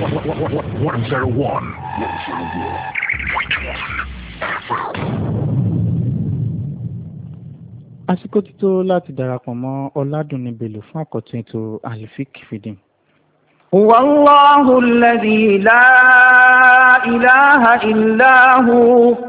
101. 101.1 àsìkò ti tó láti darapọ̀ mọ́ ọ̀làdùnní bello fún àkọ́tún ètò alifik fidim. wàláhùn lẹ́dí láìláha ìláhùn.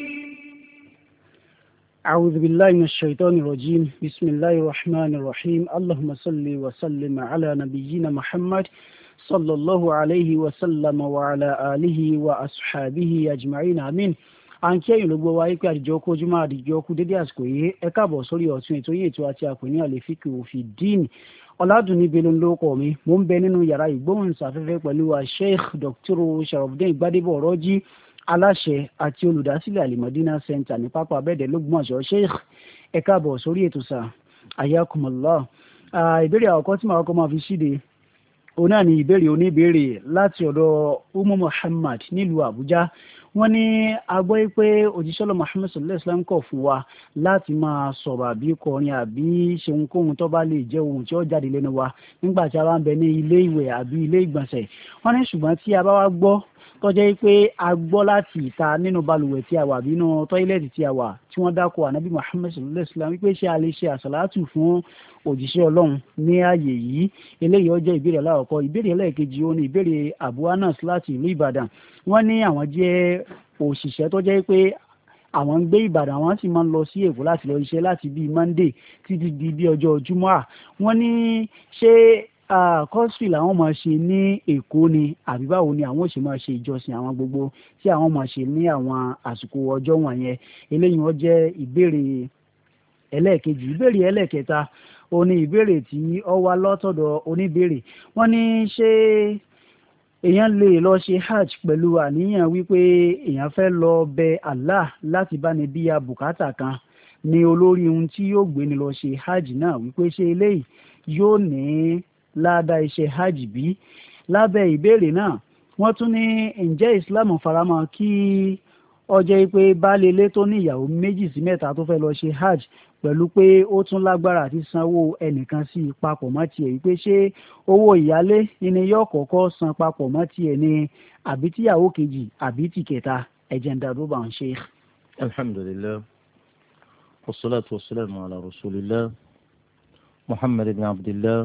أعوذ بالله من الشيطان الرجيم بسم الله الرحمن الرحيم اللهم صل وسلم على نبينا محمد صلى الله عليه وسلم وعلى آله وأصحابه أجمعين آمين à ń kí ẹ̀yin ló gbọ́ wa pé àdìjọ kó ojúmọ́ àdìjọ kú dédé àsìkò yìí ẹ káàbọ̀ sórí ọ̀tún ètò yìí ètò àti àpò ní àlefíkì òfin díìnì ọ̀làdùnní belon ló kọ̀ mò ń bẹ nínú yàrá ìgbóhùnsáfẹ́fẹ́ pẹ̀lú wa Dr. Sharafdin Gbadebo ọ̀rọ́jì aláṣẹ àti olùdásílẹ̀ alimọ̀dínà center ní pápá abẹ́ẹ̀dẹ̀ lọ́gbọ̀nsọ̀ sheikh ẹ káàbọ̀ sórí ètò sà ayakumullah ìbéèrè àkọ́kọ́ tí màá kọ́ máa fi ṣíde òun náà ni ìbéèrè oníbéèrè láti ọ̀dọ̀ umu muhammad nílùú àbújá wọ́n ní a gbọ́ pé òjíṣẹ́ lọ muhammad sallallahu alayhi wa sallam kọ̀ fún wa láti máa sọ̀rọ̀ àbí kọrin àbí ṣe ohunkóhun tó bá lè jẹ́ ohun tí ó jáde lẹ́nu wa nígbà tí a bá ń bẹ ní ilé ìwẹ̀ àbí ilé ìgbọ̀nsẹ̀ wọ́n ní ṣùgbọ́n tí a bá wá gbọ́ tọ́jẹ́ pé a gbọ́ láti ìta nínú balùwẹ̀ tí a wà nínú tọ́ílẹ̀tì tí a wà tí wọ́n dákọ ànábì muhammed sallallahu alayhi wa sallam wípé ṣé a lè ṣe àṣàlátù fún òjíṣẹ́ ọlọ́run ní ààyè yìí eléyìí ó jẹ́ ìbéèrè aláwọ̀kọ́ ìbéèrè ẹlẹ́ẹ̀kejì ó ní ìbéèrè abu anas láti ìlú ìbàdàn wọ́n ní àwọn jẹ́ òṣìṣẹ́ tọ́jẹ́ pé àwọn ń gbé ìbàdàn àwọn sì máa ń lọ sí èkó láti lọ iṣẹ́ láti bíi monday títí di bí ọjọ́ jumọ́ wọ́n ní ṣé kọ́sìrì làwọn máa ṣe ní èkó ni àbí báwo ni àwọn òṣèlú máa ṣe ìjọsìn àwọn gbogbo tí àwọn máa ṣe ní àwọn àsìkò ọjọ́ wọ̀nyẹn eléyìí wọ́n jẹ́ ìbéèrè ẹlẹ́ẹ̀kejì ìbéèrè ẹlẹ́ẹ̀kẹta òun ni ìbéèrè tí ó wá lọ́tọ̀dọ̀ oníbéèrè wọ́n ní ṣé èèyàn lè lọ ṣe hajj pẹ̀lú àníyàn wípé èèyàn fẹ́ lọ bẹ Allah láti bá ní bíya bùkátà kan ni olórí ohun tí yóò gbé ni lọ ṣe hajj náà wípé ṣé eléyìí yóò ní ládàá iṣẹ́ hajj bí lábẹ́ ìbéèrè náà wọ́n tún ní ǹjẹ́ islam faramọ́ kí ọjọ́ pé baálé ilé tó ní ìyàwó méjì sí mẹ́ta tó fẹ́ lọ ṣe hajj pẹ̀lú pé ó tún lágbára àti sanwó ẹnìkan sí i papọ̀ mọ́ tiẹ̀ yìí pé ṣé owó ìyálé ni yóò kọ́kọ́ san papọ̀ mọ́ tiẹ̀ ni àbí tíyàwó kejì àbí tìkẹta ẹ̀jẹ̀ ń darú bá ń ṣe. alhamdulillah wasalaatu wasalaamu ala rasulillah muhammad ibn abdillah.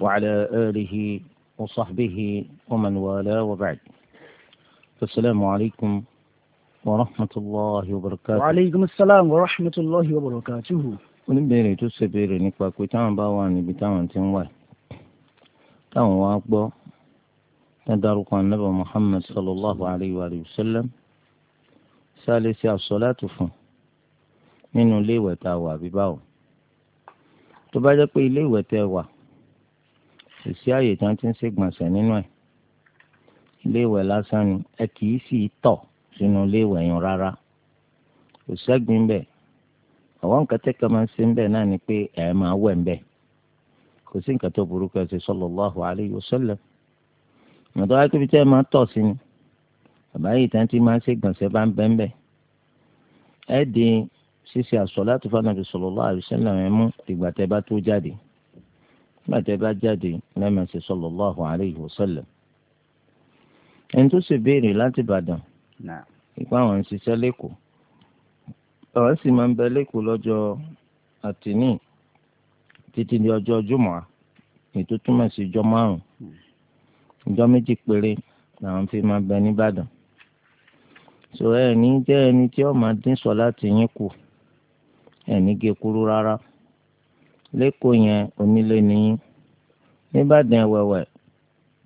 وعلى آله وصحبه ومن والاه وبعد السلام عليكم ورحمة الله وبركاته وعليكم السلام ورحمة الله وبركاته ونبيري تو سبيري نكوا كويتان باوان بيتان تنوه كان واقبو ندارق النبي محمد صلى الله عليه وآله وسلم ثالث الصلاة فن منو ليوة تاوا بباو تبادقوا ليوة تاوا kò sí àyè tí wọ́n ti ń ṣègbọ̀nsẹ̀ nínú ẹ̀ iléèwẹ̀ lásán ni ẹ kì í sì tọ̀ sínú iléèwẹ̀ yẹn rárá kò sẹ́gbìn bẹ́ẹ̀ àwọn nǹkan tẹ́ka máa ń ṣe ń bẹ̀ náà ni pé ẹ máa wẹ̀ ń bẹ̀ kò sí nǹkan tó burúkú ẹ ti sallallahu alayhi wa sallam mọ̀tọ́ wáyé tóbi tẹ́ ẹ máa tọ̀ sí ni bàbá yìí tán ti máa ń ṣègbọ̀nsẹ̀ bá ń bẹ́ ń bẹ̀ ẹ dín ṣíṣe àsọ̀látù fún Ànábì sallallahu alayhi wa mú ìgbà tẹ́ bá tó jáde. gbàtẹ́ bá jáde lẹ́mẹ̀sì sallallahu alayhi wa sallam. ẹni tó béèrè láti Ìbàdàn ipá àwọn ń ṣiṣẹ́ lẹ́kọ̀ọ́ àwọn sì máa ń bẹ lẹ́kọ̀ọ́ lọ́jọ́ àtìní títí di ọjọ́ jùmọ̀ ètò túmọ̀ sí márùn-ún hmm. méjì péré làwọn fi máa bẹ nìbàdàn ẹni jẹ́ ẹni tí ó máa dín sọ láti yín kù ẹni lẹ́kọ̀ọ́ yẹn onílé ni yín nìbàdàn ẹ̀wẹ̀wẹ̀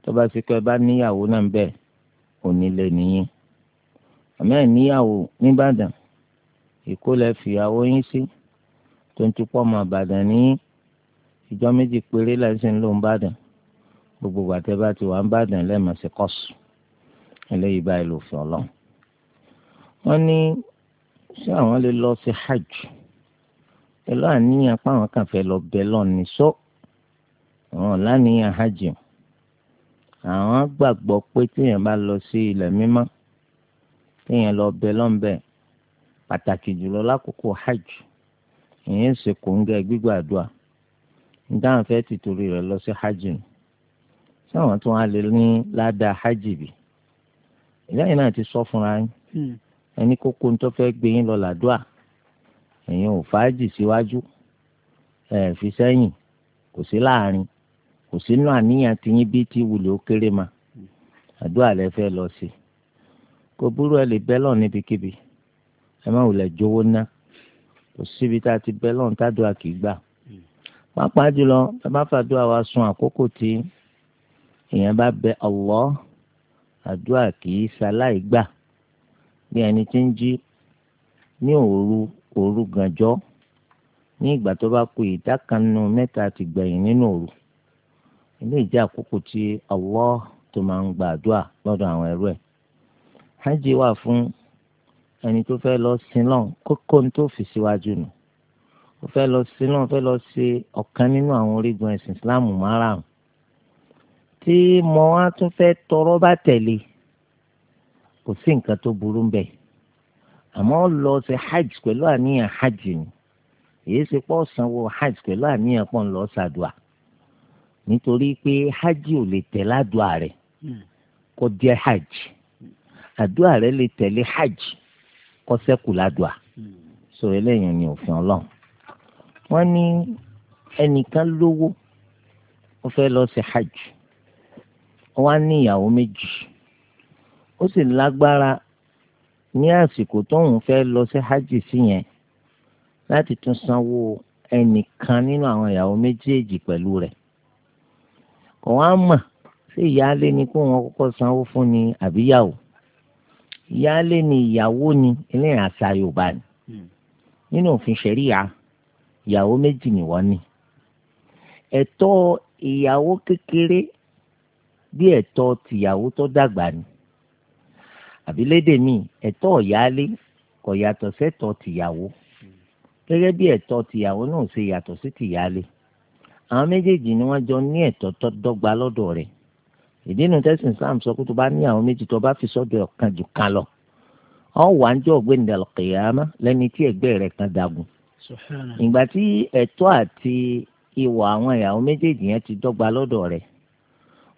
tó bá ti pẹ́ bá níyàwó náà ń bẹ̀ onílé ni yín àmọ́ ẹ̀ níyàwó nìbàdàn èkó lẹ fìyàwó yín sí tó ń tupọ̀ mọ́ àbàdàn ní ìjọ méjì péré lẹ́sìn ń lò ń bàdàn gbogbo gbàtẹ́ bá ti wà ń bàdàn lẹ́ẹ̀mẹsì kọ́sù eléyìí báyìí lòfin ọlọ́run wọ́n ní ṣé àwọn lè lọ sí hajj pẹ̀lú àníyàn páwọn kan fẹ́ lọ bẹ lọ́ọ̀ni sọ àwọn láníyàn hajj àwọn gbàgbọ́ pé téèyàn bá lọ sí ilẹ̀ mímọ́ téèyàn lọ bẹ lọ́ọ̀nbẹ̀ pàtàkì jùlọ lákòókò hajj ìyẹn ṣe kòńgẹ́ gbígbàdúrà dáhùn fẹ́ ti torí rẹ̀ lọ sí hajj ni sáwọn tó wá lè ní ládàá hajj bì ìlẹ́yìn náà ti sọ fúnra yín hmm. ẹni kókó ń tó fẹ́ gbé yín lọ làdúrà ẹ̀yin ò fàájì síwájú ẹ̀ fi sẹ́yìn kò sí láàrin kò sínú àníyàn tiyín bí ti wùlé ó kéré ma àdúrà lẹ fẹ́ lọ sí kò burú ẹ lè bẹ́ lọ níbikíbi ẹ má wulẹ̀ jówó ná kò síbi tá a ti bẹ́ tádùá kì í gbà pápá jùlọ ẹ má fàdúrà wa sun àkókò tí èèyàn bá bẹ Allah àdúrà kì í ṣaláì gbà bí ẹni tí ń jí ní òru òru gànjọ́ ní ìgbà tó bá ku ìdá kan nínú mẹ́ta ti gbẹ̀yìn nínú òru ilé ìjẹ́ àkókò tí Allah tó máa ń gbàdúrà lọ́dọ̀ àwọn ẹrú ẹ̀ hajj wà fún ẹni tó fẹ́ lọ sílọ̀n kókó ní tó fi síwájú nù ó fẹ́ lọ sílọ̀n fẹ́ lọ ṣe ọ̀kan nínú àwọn orígun ẹ̀sìn Islam márààrún tí mo wá tún fẹ́ tọrọ bá tẹ̀lé kò sí nǹkan tó burú ń àmọ́ lọ ṣe hajj pẹ̀lú àníyàn hajj ni èyí ṣe pọ̀ sanwó hajj pẹ̀lú àníyàn pọ̀ ń lọ ṣàdùà nítorí pé hajj ò lè tẹ̀ ládùà rẹ̀ kó jẹ́ hajj àdùà rẹ̀ lè tẹ̀lé hajj kó ṣẹ́kù ládùà sọ eléyìí ni òfin ọlọ́run wọ́n ní ẹnìkan lówó ó fẹ́ lọ ṣe hajj wọ́n á ní ìyàwó méjì ó sì lágbára ní àsìkò tóun fẹ́ lọ sí hajj sí yẹn láti tún sanwó ẹnìkan nínú àwọn ìyàwó méjèèjì pẹ̀lú rẹ̀ kò wá mọ̀ sí ìyáálé ni kó wọn kọ́kọ́ sanwó fún ni àbíyàwó ìyáálé ni ìyàwó ni eléyìí àṣà Yorùbá ni nínú òfin ṣẹ̀ríya ìyàwó méjì nìwọ ni ẹ̀tọ́ ìyàwó kékeré bí ẹ̀tọ́ tìyàwó tó dàgbà ni àbí lédè míì ẹ̀tọ́ ọ̀yálé kò yàtọ̀ sẹ́tọ̀ tìyàwó gẹ́gẹ́ bí ẹ̀tọ́ tìyàwó náà ṣe yàtọ̀ sí tìyálé àwọn méjèèjì ni wọ́n jọ ní ẹ̀tọ́ tó dọ́gba lọ́dọ̀ rẹ̀ ìdí nu tẹ́sán Islam sọ pé tó bá ní àwọn méjì tó bá fi sọ́dọ̀ ọ̀kan jù kan lọ ọ wà ń jọ ọ̀gbẹ́ni dàlọ́kẹ̀yàmá lẹ́ni tí ẹ̀gbẹ́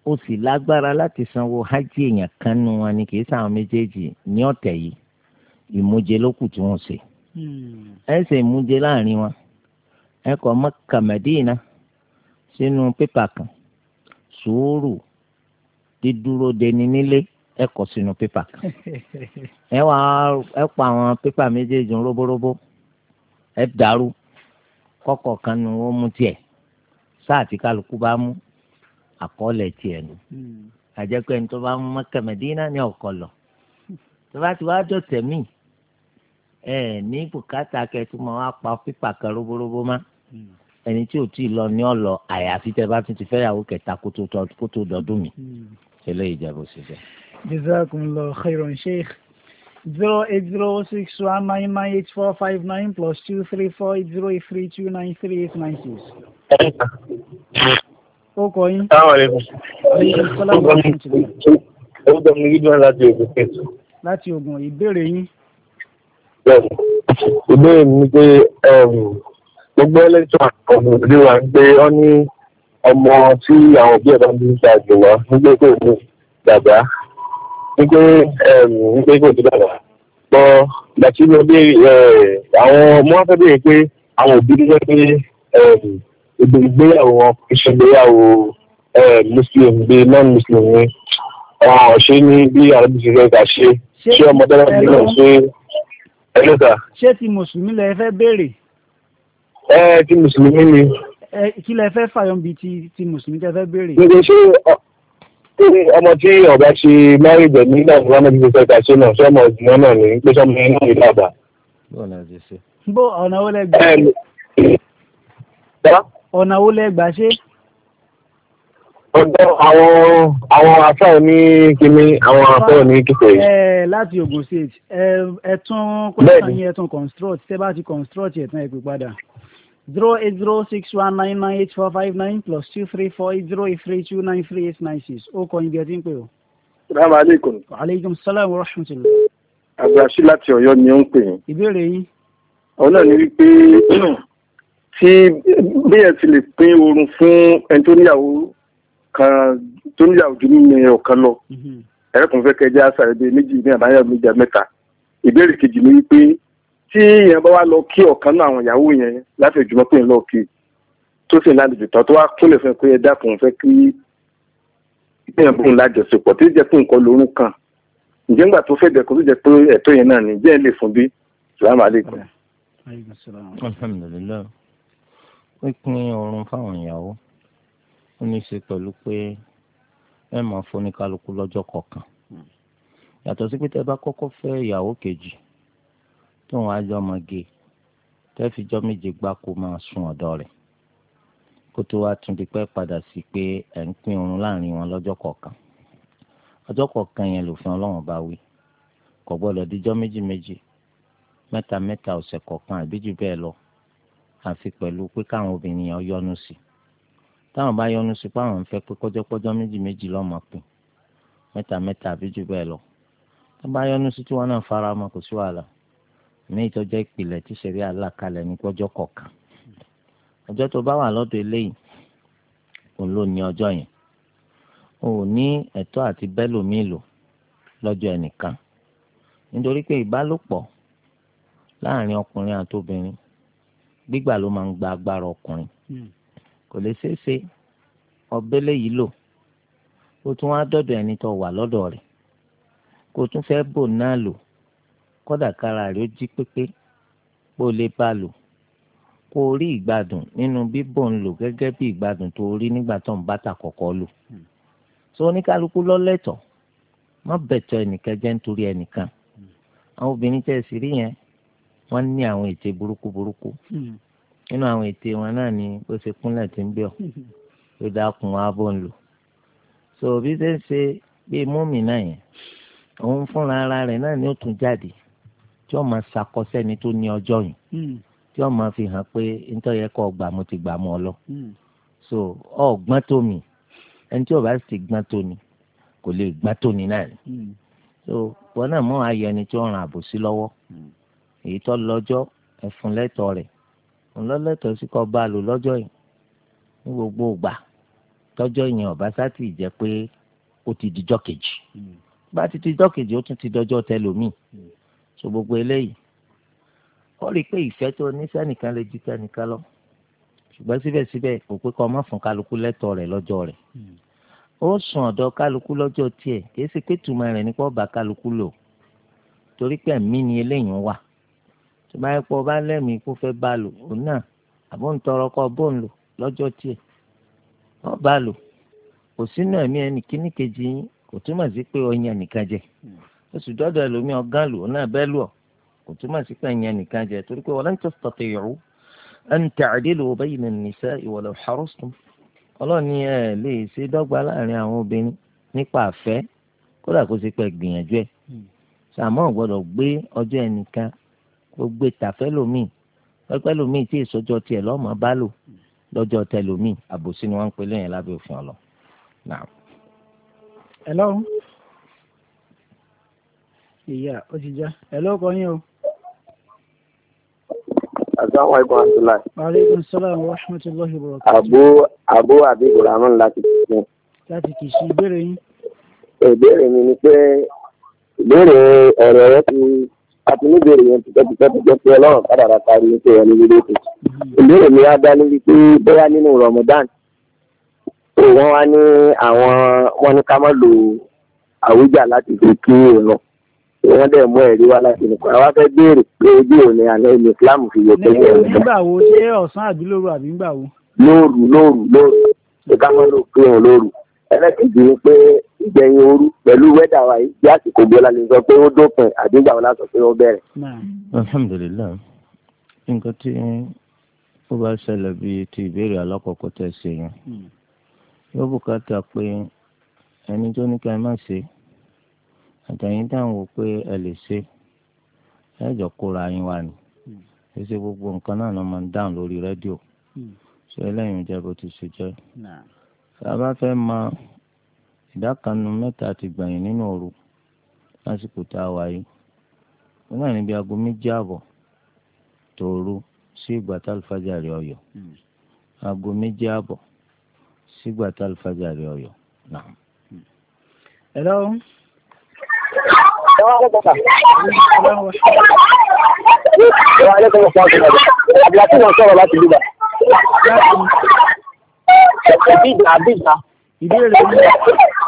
o sì lágbára láti sanwó hajj èèyàn kan nu wọn ni kì í sáwọn méjèèjì ní ọ̀tẹ̀ yìí ìmújẹ ló kù tí wọ́n ṣe. Hmm. ẹ ṣe ìmújẹ láàrin wọn ẹ kọ Mẹ́kà Mẹ́dínà sínú pépà kan sùúrù dídúró deni nílé ẹ kọ sínú pépà kan ẹ wá ẹ pa àwọn pépà méjèèjì róbóróbó ẹ dàrú kọkọ kan nu ó mú tiẹ̀ sáà tí kálukú bá mú àkọọ́lẹ̀ tiẹ̀ nù àjẹpẹ́ hmm. ní tó bá mú Mẹ́kà Mẹ́dínà ní ọ̀kọ́ lọ tó bá ti wá dọ̀tẹ̀ míì ẹ ní bùkátà kẹtù máa wá pa pípa kan róbóróbó má hmm. ẹni tí ò tí ì lọ ní ọ̀lọ́ àyàfi tẹ bá tún ti fẹ́ yàwó kẹta kó tó dọdún mi ṣẹlẹ̀ hmm. ìjẹ́bù ṣiṣẹ́. jazakumullahu khairan sheikh zero eight zero six one nine nine eight four five nine plus two three four eight zero eight three two nine three eight nine six ó kọ yín. orúkọ mi gideon láti ogun kẹtù. láti ogun ìbéèrè yín. ìbéèrè mi pé um, gbogbo ẹlẹ́tọ̀ àkọ́kọ́ ìdílé wa ń gbé ọ ní ọmọ tí àwọn òbí ẹ̀ bá ń gbé àjò wá nígbà tó ní bàbá nígbà nígbà tó ní bàbá gbọ́ gbàtí mo béèrè um, àwọn ọmọ wọn fẹ́ béèrè pé àwọn òbí ń gbé gbogbo ìgbéyàwó wọn kì í ṣe ìgbéyàwó muslim bíi non-muslim ni ọ̀hún ṣe ní bí arábìnrin rẹ̀ kà ṣe ṣé ọmọdé náà ní náà ṣe ẹlẹ́ta. ṣé ti mùsùlùmí lẹ fẹ́ béèrè. ẹ ti mùsùlùmí ni. ẹ kí lẹ fẹ́ fàyọ̀nbi ti ti mùsùlùmí tẹ fẹ́ béèrè. gbogbo ṣé ọmọ tí ọba ṣe mẹ́rin bẹ̀ nígbà tí wọ́n mẹ́rin fẹ́ kà ṣe náà ṣé ọmọ ìdùnnú náà ní pé sọmọ yẹn náà ní lábàá. bó ọ̀nà wo gbé ọ̀nà wo lẹ gbà ṣe. ọjọ́ àwọn àwọn afẹ́ òní kíní àwọn afẹ́ òní kíkọ yìí. ẹ láti Ogun State ẹ ẹ tún kọ́ńtà yín ẹ tún construct tẹ́ bá ti construct ẹ̀ tán ẹ padà zero eight zero six one nine nine eight four five nine plus two three four eight zero eight three two nine three eight nine six ó kọ ibi ẹ ti ń pè o. salaamu aleykum. wa aleykum salaam wa rahmatulah. àgbàṣí láti Ọ̀yọ́ ni ó ń pè yín. ìbéèrè yín. ọ̀nà ni wípé tí bẹ́ẹ̀ ti lè pín oorun fún ẹni tó níyàwó kan tó níyàwó ju mímu ọ̀kan lọ mm-hmm. ẹ̀rẹ́kùn fẹ́ kẹjá sàrẹ́bí méjì ní àbáyọ méjì mẹ́ta ìbéèrè kejì ni wípé tí èèyàn bá wá lọ kí ọ̀kan náà àwọn ìyàwó yẹn láti ìjùmọ̀ pé ń lọ kí tó sì ń lálejò tán tó wá kúnlẹ̀ fún ẹ pé ẹ dákun fẹ́ kí èèyàn bóun lájọṣepọ̀ tí ó jẹ́ pé nǹkan lórun kan ǹjẹ́ ńgbà tó fẹ́ dẹ̀kun tó jẹ́ pé ẹ̀tọ́ yẹn náà ní jẹ́ ẹ lè fún bí salaam aleykum pínpín oorun fáwọn ìyàwó ó ní í ṣe pẹ̀lú pé ẹ máa foníkálukú lọ́jọ́ kọ̀ọ̀kan yàtọ̀ sí pé tẹ́ bá kọ́kọ́ fẹ́ ìyàwó kejì tó wọn á jọ ọmọge tẹ́ fi jọ méje gbáko máa sùn ọ̀dọ̀ rẹ̀ kó tó wá tún di pẹ́ padà sí pé ẹ̀ ń pín oorun láàrin wọn lọ́jọ́ kọ̀ọ̀kan ọjọ́ kọ̀ọ̀kan yẹn lòfin ọlọ́run bá wí kò gbọ́dọ̀ díjọ́ méjì méjì mẹ́ta mẹ́ta ọ̀sẹ̀ kọ̀ọ̀kan àbí jù bẹ́ẹ̀ lọ àfi pẹ̀lú pé káwọn obìnrin yẹn yọnu sí i táwọn bá yọnu sí i pé àwọn ń fẹ́ pé kọjọ́kọjọ́ méjì méjì lọ́mọ pin mẹ́ta mẹ́ta àbí jù bẹ́ẹ̀ lọ tó bá yọnu sí tí wọ́n náà fara ọmọ kò sí wàhálà ní ìtọ́jọ́ ìpìlẹ̀ tí sẹ̀rí alákalẹ̀ ní kọjọ́ kọ̀ọ̀kan ọjọ́ tó bá wà lọ́dọ̀ eléyìí òun ló ní ọjọ́ yẹn o ò ní ẹ̀tọ́ àti bẹ́lòmíì lọ́jọ́ ẹnìkan nítorí pé ìbálòpọ̀ láàrin ọkùnrin àti obìnrin gbígbà ló máa ń gba agbára ọkùnrin hmm. kò lè ṣeé ṣe ọbẹ̀ léyìí lò ó tún wá dọ̀dọ̀ ẹni tó wà lọ́dọ̀ rẹ̀ kó tún fẹ́ bò náà lò kódà kára rẹ̀ ó jí pépé kó lè bá lò kó o rí ìgbádùn nínú bíbò ń lò gẹ́gẹ́ bí ìgbádùn tó rí nígbà tó ń bàtà kọ̀kọ́ lò hmm. so oníkálukú lọ́lẹ́tọ̀ má bẹ̀tọ̀ ẹnìkan jẹ́ nítorí ẹnìkan hmm. àwọn obìnrin tẹ̀ sí rí yẹn wọ́n ní àwọn ète burúkú burúkú hmm. nínú àwọn ète wọn náà ni ó ṣe kúnlẹ̀ tí ń bí ọ́ ló hmm. dákun abó ń lò so bí ṣe ń ṣe bíi múmi náà yẹn òun fúnra ara rẹ̀ náà ni ó tún jáde tí ó máa ṣàkọsẹ́ni tó ní ọjọ́ yìí hmm. tí ó máa fi hàn pé nítorí ẹ̀kọ́ ọgbà mo ti gbà mọ́ ọ lọ so ọgbọ́n tó mi ẹni tí ò bá sì gbọ́n tó ni kò lè gbọ́n tó ni náà ni so wọn náà mọ ayọ̀ ẹni tí ó ràn àbòsí lọ́wọ́ èyí tó lọ́jọ́ ẹ̀fún lẹ́tọ̀ọ́ rẹ̀ ńlọ́lẹ́tọ̀ọ́ sí kọ́ bá a lò lọ́jọ́ yìí ní gbogbo ìgbà tọ́jọ́ yẹn ọ̀bá sátì jẹ́ pé ó ti dijọ́ kejì hmm. bá ti dijọ́ kejì ó tún ti dọjọ́ tẹlòmíì hmm. so gbogbo eléyìí ó rí i pé ìfẹ́ tó ní sẹ́nìkan lè ju tẹnìkan lọ ṣùgbọ́n síbẹ̀síbẹ̀ kò pé kọ́ ọmọ fún kálukú lẹ́tọ̀ọ́ rẹ̀ lọ́jọ́ rẹ̀ hmm. ó sùn ọ̀dọ̀ kálukú lọ́jọ́ tiẹ̀ kì í ṣe pé tùmọ̀ rẹ̀ nípa ọba kálukú lò torí pé ẹ̀mí ni eléyìí wà bá pọ̀ bá lẹ́mìí kó fẹ́ bá lò náà ń ọ bá lò kò sínú ẹ̀mí ẹni kíní kejì yín kò túmọ̀ sí pé ọyàn nìkan jẹ ó sì dọ́dọ̀ ẹlòmíì ọgán lò ó náà bẹ́ẹ̀ lò kò túmọ̀ sí pé ọyàn nìkan jẹ torí pé walan tastati'u an ta'dilu bayna an-nisa'i walau ọlọ́ọ̀ni ẹ lè ṣe dọ́gba láàrin àwọn obìnrin nípa àfẹ́ kódà kó ṣe gbìyànjú sàmọ́ gbé ọjọ́ ó gbé tàfẹ́ lómìn pẹ́pẹ́ lómìn tí ìsọjọ́ tiẹ̀ lọ́mọ bá lò lọ́jọ́ tẹ lómìn àbòsí ni wọ́n ń pelé yẹn lábẹ́ òfin ọ̀lọ́. hello ìyá ó ti já hello kọ́ yín o. Assalamu alaikum Abdullahi. Aleykum salaam wa rahmatullahi wa barakatuh. Abu Abu Abibu Rahman láti Kìsìn. Láti Kìsìn ìbéèrè yín. Ìbéèrè mi ni pé ìbéèrè ọ̀rọ̀ rẹ ti àti níbèrè yẹn ti tẹ́tí tẹ́tí jẹ́ pé ọlọ́run kádàrá parí ní pé ẹni nílé kù. ìbéèrè mi á dá lórí pé bóyá nínú Ramadan wọ́n wá ní àwọn wọ́n ní ká má lo àwùjá láti fi kí ìran wọ́n dẹ̀ mú ẹ̀rí wá láti nìkan àwa fẹ́ béèrè pé ojú òní àná ìlú Islam fi yẹ pé ẹ̀rí. nígbà wo ṣé ọ̀sán àbí lóru àbí nígbà wo. lóru lóru lóru ṣe ká má lo pé òun lóru ẹlẹ́kejì ìgbẹ̀yìn ooru pẹ̀lú wẹ́dà wa yìí bí àsìkò gbọ́lá lè sọ pé ó dópin àdígbà wọn láti sọ pé ó bẹ̀rẹ̀. alhamdulilayi nǹkan tí ó bá ṣẹlẹ̀ bíi ti ìbéèrè alákọ̀ọ́kọ́ tẹ̀ ṣe yẹn hmm. yóò bùkátà pé ẹni tó ní ká ẹ má ṣe àtẹ̀yìn táwọn wò pé ẹ lè ṣe ẹ kóra yín wá ni ẹ hmm. gbogbo nǹkan náà ló máa ń dáhùn lórí rédíò ṣé hmm. ẹlẹ́yìn jẹ́ bó ti ṣe jẹ́ tá a bá fẹ́ máa ìdá kan nínú mẹ́ta ti gbẹ̀yìn nínú òru lásìkò tá a wà yìí wọn náà níbi aago méjì ààbọ̀ tòru sí ìgbà tá alifájàre ọyọ hmm. aago méjì ààbọ̀ sí ìgbà tá alifájàre ọyọ náà. hello. Àbíyá tí wọ́n sọ̀rọ̀ láti Dúbà. Àbíjà Àbíjà. Ìbéèrè mi.